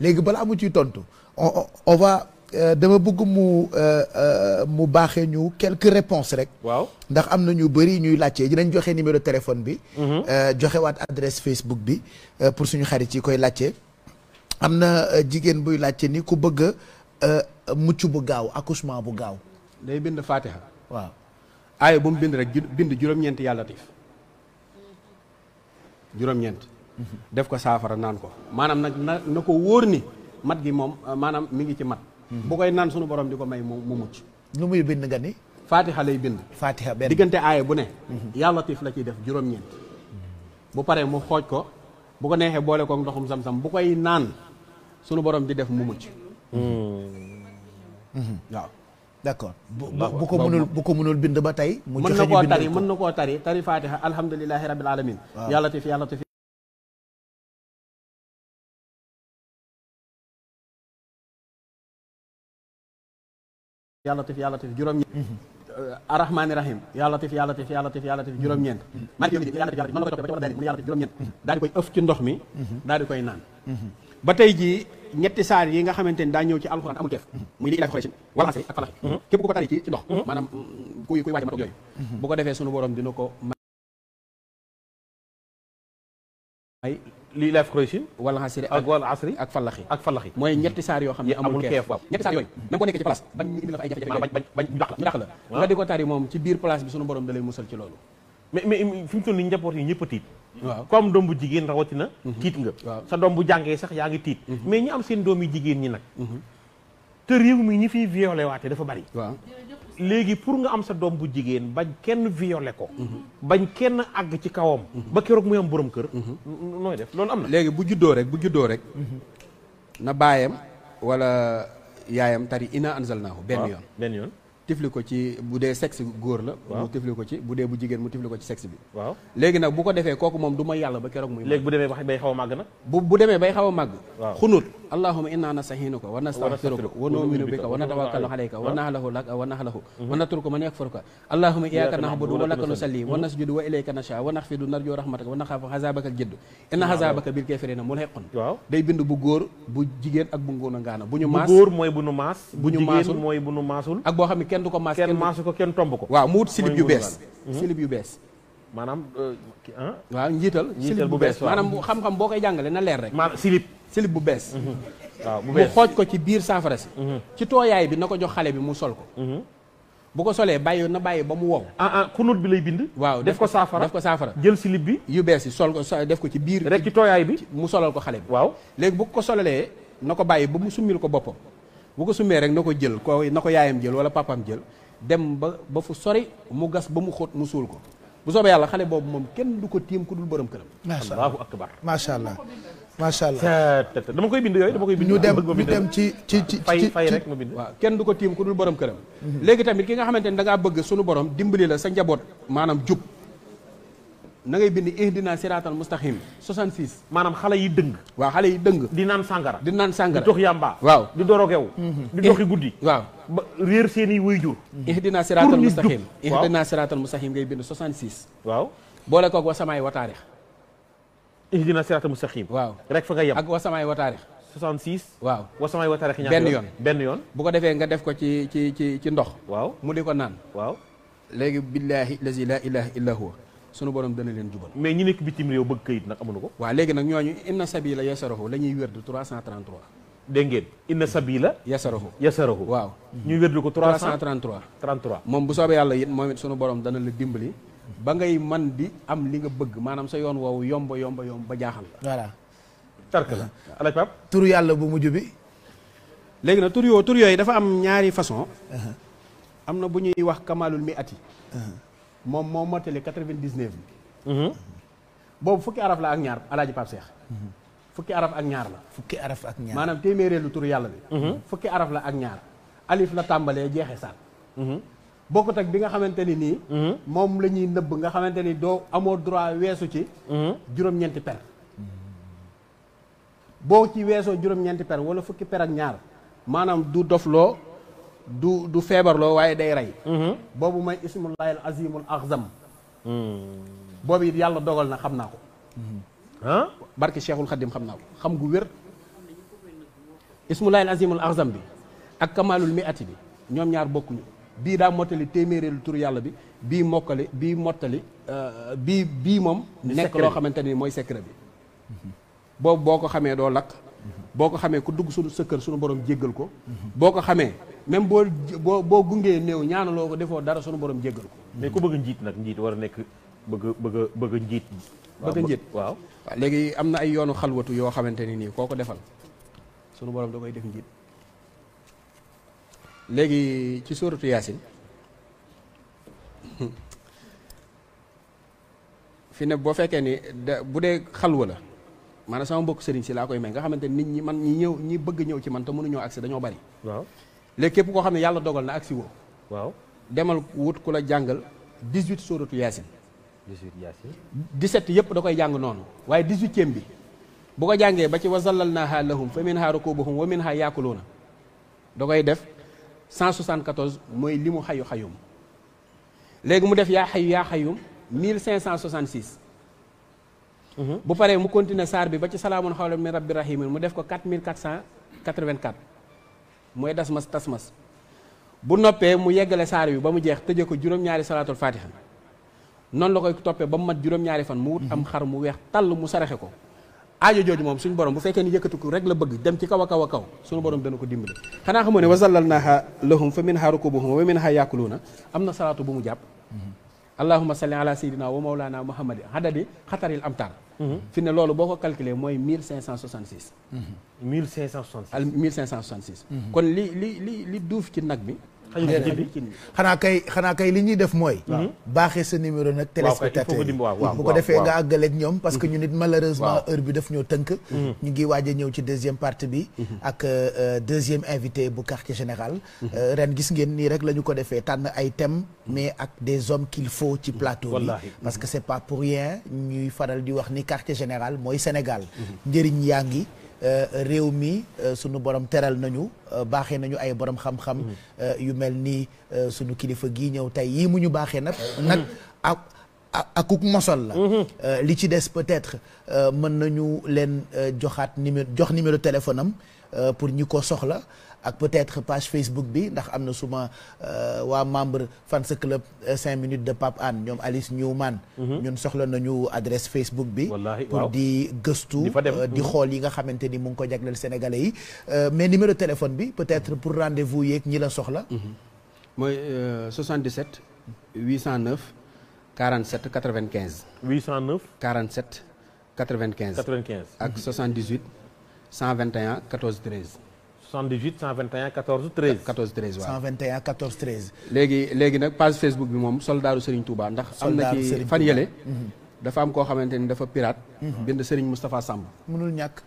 bala mu tontu on va euh, dama bëgg mu euh, euh, mu baxé ñu quelques réponses rek. waaw ndax am ñu bëri ñuy dinañ téléphone bi. Mhm. joxé adresse Facebook bi pour suñu xarit yi koy laccé amna jigen buy ni ku bëgg bu gaaw accouchement bu gaaw. day bind Fatiha. waaw bu bind rek def ko saafara naan ko maanaam nag na na ko wóor ni mat gi moom euh, maanaam mi ngi ci mat mhm. bu koy naan sunu boroom di ko may mu mucc lu muy bind nga ni faatiha lay bind faatiha benn diggante aaya bu ne mhm. yàlla tiif la ciy def juróom-ñeent mhm. bu paree mu xooj ko bu ko neexee boole koog ndoxum sam-sam bu koy naan sunu borom di def mu mucc waaw d'accord bu ko mënul bu ko bind ba tey mu joxe ñu bind mën na koo tari mën na koo tari tari faatiha alhamdulilahi rabbil alamin yàlla tiif yaa latif yaa latif juróom-ñeent. arrahmaani rahim yaa latif yaa latif yaa latif yaa latif juróom-ñeent. maanaam yooyu yaa latif yaa latif noonu la koy toppee ba ci wàllu benn bi mu ne yaa latif juróom-ñeent. daal di koy ëf ci ndox mi. daal koy naan. ba tey jii ñetti saar yi nga xamante daa ñëw ci alxuraan amul keef. muy li ilaafi Quraysh wala ak falax képp ku ko a bu ko defee sunu borom dina ko may lii laaf Quraysh wal asri ak wal asri ak fallaxi mooy ñetti saar yoo xam ne amul keef waaw ñetti saar yooyu même boo nekkee ci place bañ bi sunu borom da lay ci loolu mais mais fi mu toll njaboot yi ñëpp a tiit waaw comme doom bu jigéen rawatina mhm. tiit nga sa doom bu jàngee sax yaa ngi tiit mhm. mais ñi am seen doom yi jigéen ñi nag mhm. te réew mi ñi fiy violé waate dafa bari waaw léegi pour nga am sa doom bu jigéen bañ kenn violé ko mhm. bañ kenn àgg ci kawam mhm. ba keroog muy am borom kër mhm. nooy def loolu am na léegi bu juddoo rek bu juddoo rek na baayam wala yaayam tari ina anzalnaahu benn yoon benn yoon tifli ko ci bu dee sexe góor la. mu tifli ko ci bu dee bu jigéen mu tifli ko ci sexe bi. waaw léegi nag bu ko defee kooku moom du may yàlla ba keroog muy. bu demee bay xaw a màgg nag. bu bu demee bay xaw a màgg. waaw xunut. allahumma inna nasta'iinuka wa nastaghfiruka wa nu'minu bika wa natawakkalu alayka wa na'lamu laka wa na'lamu. wa natruku man yakfuruka. allahumma iyyaka na'budu wa laka nusalli nashaa wa nakhfidu narju rahmataka wa nakhafu 'adhabaka al-jadd. inna 'adhabaka bil kaafiriina mulhiqun. waaw day bind bu góor a kenn du ko maas kenn maasu ko kenn tomb ko waaw mu wut silib yu bees mhm. silib yu bees maanaam euh, waaw njiital silib bu bees maanaam xam-xam boo koy jàngale na leer rek silib silib bu bu bees mhm. mu xooj ko ci biir saafara si mhm. ci tooyaay bi na ko jox xale bi mu sol ko bu ko solee bàyyi na bàyyi ba mu wow ah ah kunut bi lay bind waaw def ko saafara def ko saafara jël silib bi yu bees yi sol ko def ko ci biir rek ci tooyaay bi mu solal ko xale bi waaw léegi bu ko solalee na ko bàyyi ba mu summil ko boppam bu ko sumee rek na ko jël ko na ko yaayam jël wala papaam jël dem ba ba fu sori mu gas ba mu xóot mu suul ko bu soobee yàlla xale boobu moom kenn du ko tiim ku dul borom këram. macha allah allahu akbar macha allah macha allah. dama koy bind yooyu dama koy ñu dem ñu dem ci ci ci fay fay rek ma bind. waaw kenn du ko tiim ku borom këram. Mhm. léegi tamit ki nga xamante ni da bëgg sunu borom dimbali la sa njaboot maanaam jub. na ngay bind ihdina siratal mustaqim 66 manam xalé yi deung wa xalé yi deung di nan sangara di nan sangara di dox yamba wa di dorogew mm-hmm. di doxi guddi eh, wa ba seni wayjur mm-hmm. ihdina siratal mustaqim ihdina siratal mustaqim ngay bind 66 waaw boole koog wa samaay wa tarikh ihdina siratal mustaqim wa rek fa nga yam ak wa samaay wa tarikh 66 wa wa samaay wa taarix ben yon ben yon bu ko defé nga def ko ci ci ci ndox wa mu di ko naan waaw billahi la ilaha illa huwa sunu borom dana len djubal mais ñi nek bitim rew bëgg kayit nak amunu ko wa légui nak ñoñu inna sabila yasaruhu lañuy ñuy wérdu 333 dégg ngeen inna sabila yasaruhu yasaruhu waaw ñuy wérdu ko 333 33 mom bu soobe yalla yit momit sunu borom dana la dimbali ba ngay man di am li nga bëgg manam sa yoon woowu yomba yomba yom ba jaaxal la voilà tark la alay pap turu yalla bu mujj bi légui nak tur yo tur yoy dafa am ñaari façon amna bu ñuy wax kamalul mi ati momo mo motali quatre vingt dix mhm. fukki araf la ak ñaar alaaji Pape Cheikh mhm. fukki araf ak ñaar la fukki araf ak ñaar téméré lu tur yalla bi mhm. fukki araf la ak ñaar alif la tàmbalee jeexe hmm bokut ak bi nga xamanteni ni hmm moom la ñuy nëbb nga xamanteni do amo droit wésu ci juroom ñeenti per bo ci wésu juroom per wala fukki per ak ñaar manam du doflo du du lo waye day ray bobu may ismullahi al azimul bobu it yàlla dogal na xam naa ko ah barke cheikhul khadim xam ko xam gu wér ismullahi al azimul bi ak kamalul miati bi ñom ñaar bokku ñu bi da motali téeméeréelu tur yàlla bi bi mokali bi motali bi bi mom nek lo xamanteni moy secret bi bobu boko xame do lak boko xame ku dugg suñu sa suñu borom jéggal ko boko xame même bo bo gungé néw néew ñaanaloo ko dara sunu borom djéggal ko. mais ku bëgg njit nak njit wara nek bëgg bëgg bëgg njit bëgg njit waaw. légui amna ay yoonu xalwatu yo xamanteni ni koko défal ko sunu borom da koy def njit légui ci suuratu yasin fi ne bo fekkee ni da bu dee xalwa la maanaam sama mbokk sëriñ ci la koy may nga xamanteni nit ñi man ñi ñëw ñi bëgg ñëw ci man mënu ñoo accès dañoo bari waaw. léegi képp koo xam ne yàlla dogal na ak si woo waaw demal wut ku la jàngal 18 sóoratu yaasin 18 yaasin 17 yëpp da koy jàng noonu waaye 18e bi bu ko jàngee ba ci wa naa zallalnaaha lahum fa minhaa rakuubuhum wa minhaa yaakuluuna da koy def 174 mooy li mu xayu xayum léegi mu def yaa xayu yaa xayum 1566 mhm. bu paree mu continuer saar bi ba ci salaamun xawlan min rabbi rahimin mu def ko 4484 moy dasmas tasmas bu noppé mu yeggale sar wi bamu jeex tëje ko juróom-ñaari salatul fatiha non la koy topé ba mat juróom-ñaari fan mu wut am xar mu wéx tal mu saraxe ko aajo joju mom suñu borom bu fekké ni yëkkatu ko rek la bëgg dem ci kaw kaw kaw suñu borom dañ ko dimbalé xana xamone ne lahum fa minhaa rakubuhum wa minhaa yaakuluuna am na bu mu jàpp اللهم صل على سيدنا ومولانا محمد هذا دي خطر الامطار في لولو بوكو كالكولي موي 1566 1566 كون لي لي لي دوف كي نك بي xanaa kay xanaa kay li ñuy def mooy baaxee sa numéro nag téléspectateur yi bu ko defee nga àggaleeg ñoom parce que mm-hmm. ñu nit malheureusement heure bi daf ñoo tënk mm-hmm. ñu ngi waaja ñëw ci deuxième partie bi mm-hmm. ak euh, euh, deuxième invité bu quartier général euh, ren gis ngeen nii rek la ñu ko defee tànn ay thèmes mais ak des hommes qu'il faut ci plateau bi parce que c'est pas pour rien ñuy faral di wax ni quartier général mooy Sénégal njëriñ yaa ngi Euh, réew mi euh, sunu borom teral nañu euh, baaxee nañu ay borom xam-xam mm. yu mel nii sunu kilifa gi ñëw tey yii mu ñu baaxee nag mm. nag ak akuk mosol la mm-hmm. li ci des peut-être mën nañu leen joxaat numéro jox numéro téléphone am Euh, pour ñi ko soxla ak peut-être page Facebook bi ndax amna suma euh, membre fan ce club 5 euh, minutes de Pape Anne ñom Alice Newman. Mhm. ñun soxla nañu adresse Facebook bi. pour di gëstu. di mhm. xol yi nga xamanteni mu ngi ko sénégalais yi. mais numéro téléphone bi peut-être pour rendez-vous yeeg ñi la soxla. moy 77 809 47 95. 809. 47 95. 95 ak 78. 121 14 13. 78 121 14 13. 14 13 waaw 121 14 13. léegi léegi nag page Facebook bi moom soldaaru Serigne Touba ndax. am na ci fan yële. Mhm. dafa am koo xamante ni dafa pirate. Mhm. bind Serigne Moustapha Samb. mënul ñàkk.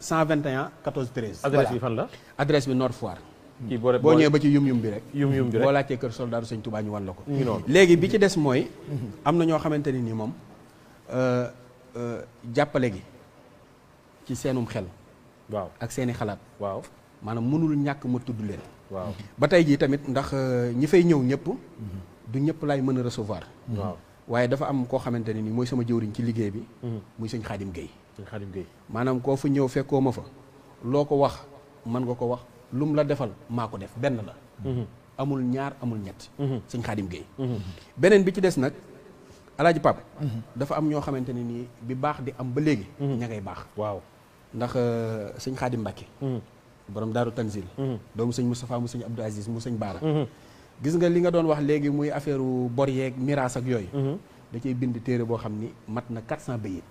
121 14 13. adresse bi fan la adresse bi Nord Foire. kii boo ñëwee ba ci yum yum bi rek. yum yum bi rek boo laajtee kër soldaaru sëñ Touba ñu wan la ko. léegi bi ci des mooy. Mm-hmm. am na ñoo xamante ni nii moom euh, euh, jàppale gi ci seenum xel. waaw ak seeni xalaat. waaw maanaam mënul ñàkk ma tudd leen. waaw ba tey jii tamit ndax euh, ñi fay ñëw ñëpp. Mm-hmm. du ñëpp laay mën a recevoir. waaw waaye dafa am koo xamante ne nii mooy sama jëwriñ ci liggéey bi. Mm-hmm. muy sëñ Xaadim Guèye. sëñ Xaadim Gueye maanaam koo fu ñëw fekkoo ma fa loo ko wax man nga ko wax lu mu la defal maa ko def benn la mhm. amul ñaar amul ñett mhm. sëñ Xaadim Gueye mhm. beneen bi ci des nag alaaji Pape dafa am ñoo xamante ni nii bi baax di am ba léegi ña ngay baax waaw ndax euh, sëñ Xaadim Mbàkke borom daaru tanzil doomu sëñ Moustapha mu sëñ Abdou Aziz mu sëñ Baara gis nga li nga doon wax léegi muy affaire bor yeeg miraas ak yooyu da cay bind téere boo xam ni mat na 400 bayit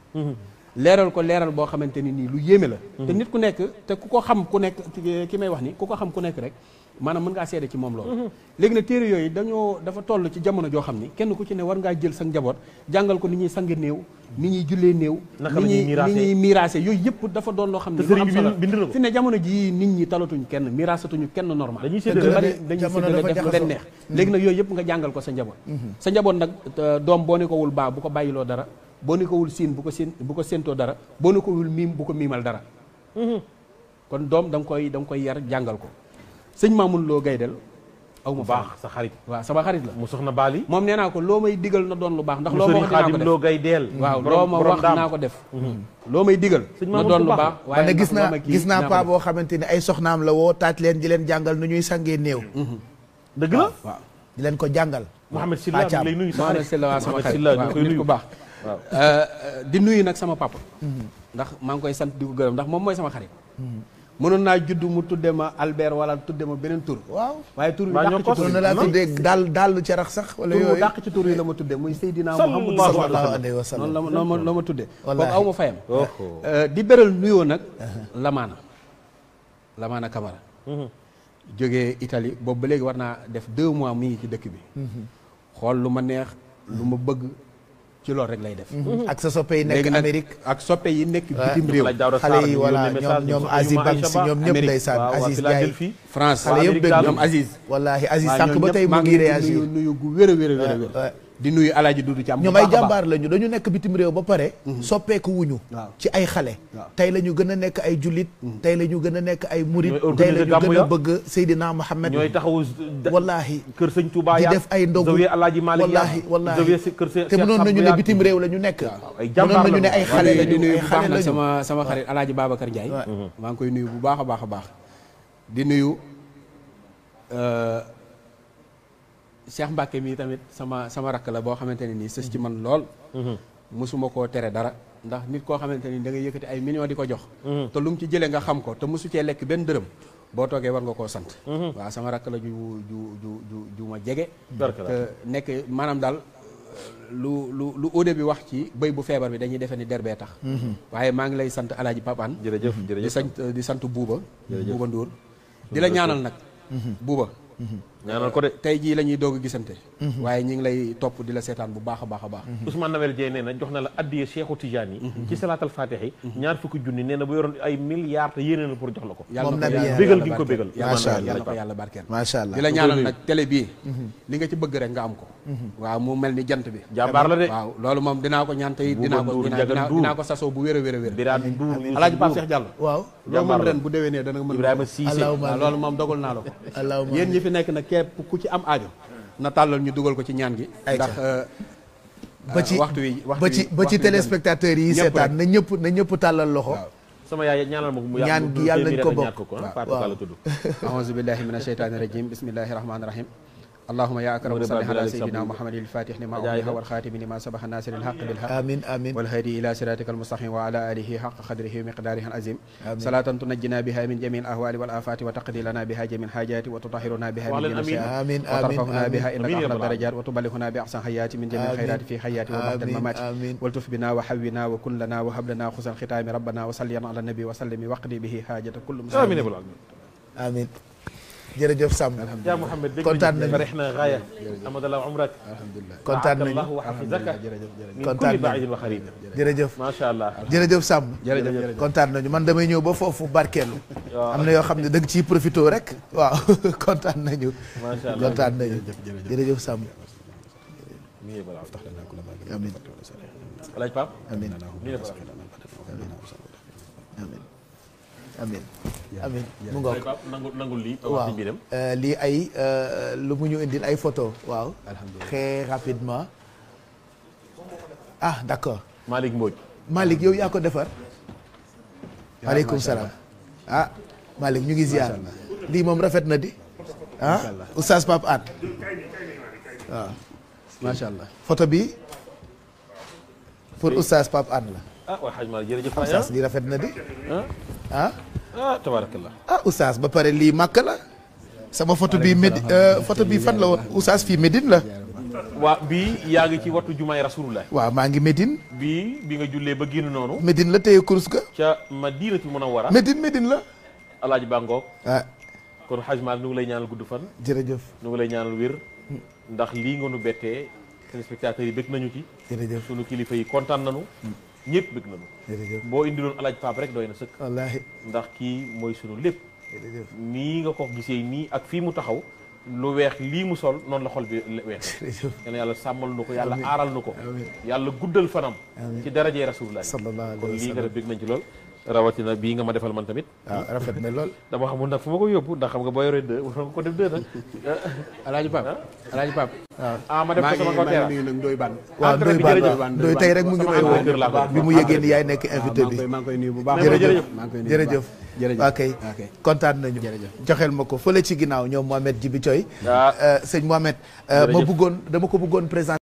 leeral ko leeral boo xamante ni nii lu yéeme la mm-hmm. te nit ku nekk te ku ko xam ku nekk ki may wax ni ku ko xam ku nekk rek maanaam mën ngaa seede ci moom loolu mm-hmm. léegi nag téere yooyu dañoo dafa toll ci jamono joo xam ni kenn ku ci ne war ngaa jël sa njaboot jàngal ko ni ñuy sange néew ni ñuy jullee néew ni ñuy ni ñuy miraase yooyu yëpp dafa doon loo xam ne lu am solo jamono ji nit ñi talatuñ kenn miraasatuñu kenn normal dañuy séddale def lu leen neex léegi nag yooyu yëpp nga jàngal ko sa njaboot mm-hmm. sa njaboot nag euh, doom boo ne kowul wul baa bu ko bàyyiloo dara boo ni ko wul siin bu ko seen bu ko séentoo dara boo ni ko wul miim bu ko miimal dara mm-hmm. kon doom da nga koy da nga koy yar jàngal ko sëñ Mamoun Lo Gaydel aw mu baax sa xarit waaw sama xarit la mu soxna Baali moom nee naa ko loo may digal na doon lu baax ndax loo ma wax mm-hmm. dinaa ko def Lo Gaydel waaw loo ma wax naa ko def loo may digal na doon lu baax waaye gis naa gis naa paa boo xamante ni ay soxnaam la woo taaj leen di leen jàngal nu ñuy sangee néew mm-hmm. dëgg la waaw di leen ko jàngal Mouhamed Silla lay nuyu sama xarit Mouhamed Silla ñu koy nuyu bu baax Euh, euh, di nuyu nag sama papa. ndax maa ngi koy sant di ko gërëm ndax moom mooy sama xarit. mënoon naa judd mu tudde ma Albert wala tudde ma beneen tur. waaw waaye tur bi dàq ci tur yi laa tuddee daal daal ci sax. wala yooyu tur dàq ci tur yi la ma tudde muy Seydina Muhammad sallallahu alayhi wa sallam noonu la ma tudde kooku aw ma fayam euh, di beral nuyoo nag Lamana lamaana Camara mhm. jóge itali boobu ba léegi war naa def deux mois mu ci dëkk bi mhm. xool lu ma neex lu ma bëgg ci loolu rek lay def. Mhm. ak sa soppe yi nekk Amérique ak soppe yi nekk bitim réew. xale yi voilà ñoom ñoom Aziz Banks ñoom ñëpp ndeysaan Aziz Ndiaye France xale yëpp bëgg ñoom Aziz. wallaahi Aziz sànq ba tey mu ngi réagir nuyu gu wér a wér a wér di nuyu alaaji Dudu Caam ñoom ay jàmbaar lañu dañu nekk bitim réew ba pare mhm. soppeeku wuñu ci ay xale tey la ñu gën a nekk ay jullit mhm. tey la ñu gën a nekk ay murit tey la ñu gën a bëgg Seydina Muhammad ñooy taxawu wallaahi kër sëñ Touba di def ay ndogu alaaji Maalik wallaahi wallaahi te mënoon nañu ne bitim réew la ñu nekk mënoon nañu ne ay xale la di nuyu bu baax nag sama sama xarit alaaji Babacar maa ngi koy nuyu bu baax a baax a baax di nuyu euh, Cheikh mbake mi tamit sama sama rak la bo xamanteni ni nii ci man lool mhm. musuma ko téré dara ndax nit ko xamanteni da ngay yëkëti ay millions di ko jox mhm. te lu mu ci jëlé nga xam ko te musu ci lek ben dërëm bo togué war nga ko sant mhm. wa sama rak la ju ju ju ju ju ma te nek manam dal lu lu lu ode bi wax ci bay bu febar bi dañuy defani derbe tax waye ma ngi lay sant alaaji papan di sant di sant buuba buuba Ndour di ñaanal nak buuba ñaanal ko de tay ji lañuy dogu gisante mhm. waye ñing lay top di la seetaan bu baaxa baaxa baax mhm. Ousmane Nawel Dieng nee na jox la addu Cheikhou Tidiane mhm. ci salaatal fatiha yi ñaar fukk jooni neena bu yoron ay milliards yeneen yéene na pour jox la ko moom na bégal gi nga ko yalla yàlla ma sha allah dila ñaanal nak télé bi li nga ci bëgg rek nga am ko waaw mu melni jant bi jabar la de waaw lolu mom dina ko ñaan tay dina ko dina ko saso bu wéré wéré wéré a wér biraan duur alaaji Cheikh Diallo waaw loo mën ren bu déwénee da nga mën Ibrahima Cissé lolu mom dogal na lako yeen ñi fi nek nak képp ku ci am aajo na tàllal ñu dugal ko ci ñaan gi ndax euh, ba ci euh, waxtu wi ba ci ba ci téléspectateurs yi seetaan na ñëpp na ñëpp tàllal loxo sama yaay ñaanal ma ko mu ñaan gi yàlla nañ ko bokk ko ah. tudd aouzu billahi mina sheytaani rajim bismillahi rahmaani rahim اللهم يا اكرم صل على سيدنا محمد الفاتح لما أغلق والخاتم لما سبح الناس للحق بالحق امين امين والهادي الى صراطك المستقيم وعلى اله حق قدره ومقداره العظيم صلاة تنجينا بها من جميع الاهوال والافات وتقضي لنا بها جميع الحاجات وتطهرنا بها من جميع امين وترفعنا بها الى اعلى الدرجات وتبلغنا باحسن حيات من جميع الخيرات في حياتي وبعد الممات ولتف بنا وحبنا وكن لنا وهب لنا خزن ختام ربنا وصلي على النبي وسلم وقضي به حاجة كل مسلم امين يا رب العالمين امين jërëjëf Samb kontaan nañu farih na gaaya amadala umrak alhamdulilah kontaan nañu wa hafizaka kontaan nañu jërëjëf macha allah jërëjëf Samb jërëjëf kontaan nañu man damay ñëw ba foofu barkeelu am na yoo xam ne da nga ciy profité rek waaw kontaan nañu macha allah kontaan nañu jërëjëf Samb amiin alaaj Pape amiin amiin amin amin mu ngoog eh, lii ay eh, lu mu ñu indil ay photo waaw alhamdulilah très rapidement ah d'accord Malick Mbodj Malick yow yaa defar maaleykum salaam ah ñu ngi ziar lii moom rafet na di ah oustaz Pape Anne ah. photo bi pour oustaz Pape Anne la ah waaye xaj ma jërëjëf. oustaz lii rafet na di. Ah? ah ah tabarakallah. ah oustaz ba pare lii màkk la. sama photo bi Medi euh, photo bii fan la woon oustaz fii Médine la. waaw bii yaa ngi ci wattu jumaay rasulullah waa maa ngi medin bii bi nga jullee ba génn noonu. Médine la téye kurus ga. ca Madinatul Munawwara. Médine Médine la. Alaaji Bangoog. ah. kon xaj ma nu ngi lay ñaanal gudd fan. jërëjëf nu ngi lay ñaanal wér. ndax lii nga nu bettee téléspectateurs yi bëgg nañu ci. jërëjëf sunu kilifa yi kontaan nañu. Mm. ñëpp bëgg nañu. jërëjëf boo indiloon alaaj Pape rek doy na sëkk. wallaahi ndax kii mooy sunu lépp. jërëjëf nii nga ko gisee nii ak fii mu taxaw. lu weex lii mu sol noon la xol bi weex. jërëjëf yàlla sàmmal nu ko yàlla aaral nu ko. yàlla guddal fanam. ci darajee rasulullah kon lii nga def bëgg nañ ci lool. rawatina bii nga ma defal man tamit. waaw ah, rafet na lool. dama xamul nag fu ma ko yóbbu ndax xam nga boo yoree deux war nga ko def deux nag. alaaji Pape ah. alaaji Pape. waaw ah. ah ma def ko sama côté la maa ngi maa ngi nuyu nag Ndoye Bane. waaw Ndoye Bane waaw Ndoye tey rek mu ngi may woo bi mu yëgee ni yaay nekk invité bi. maa ngi koy nuyu bu baax jërëjëf jërëjëf. jërëjëf ok kontaan nañu. joxel ma ko fële ci ginnaaw ñoom Mohamed Djibi Thioy. waaw euh, sëñ Mohamed. Euh, ma bëggoon dama ko bëggoon présenter.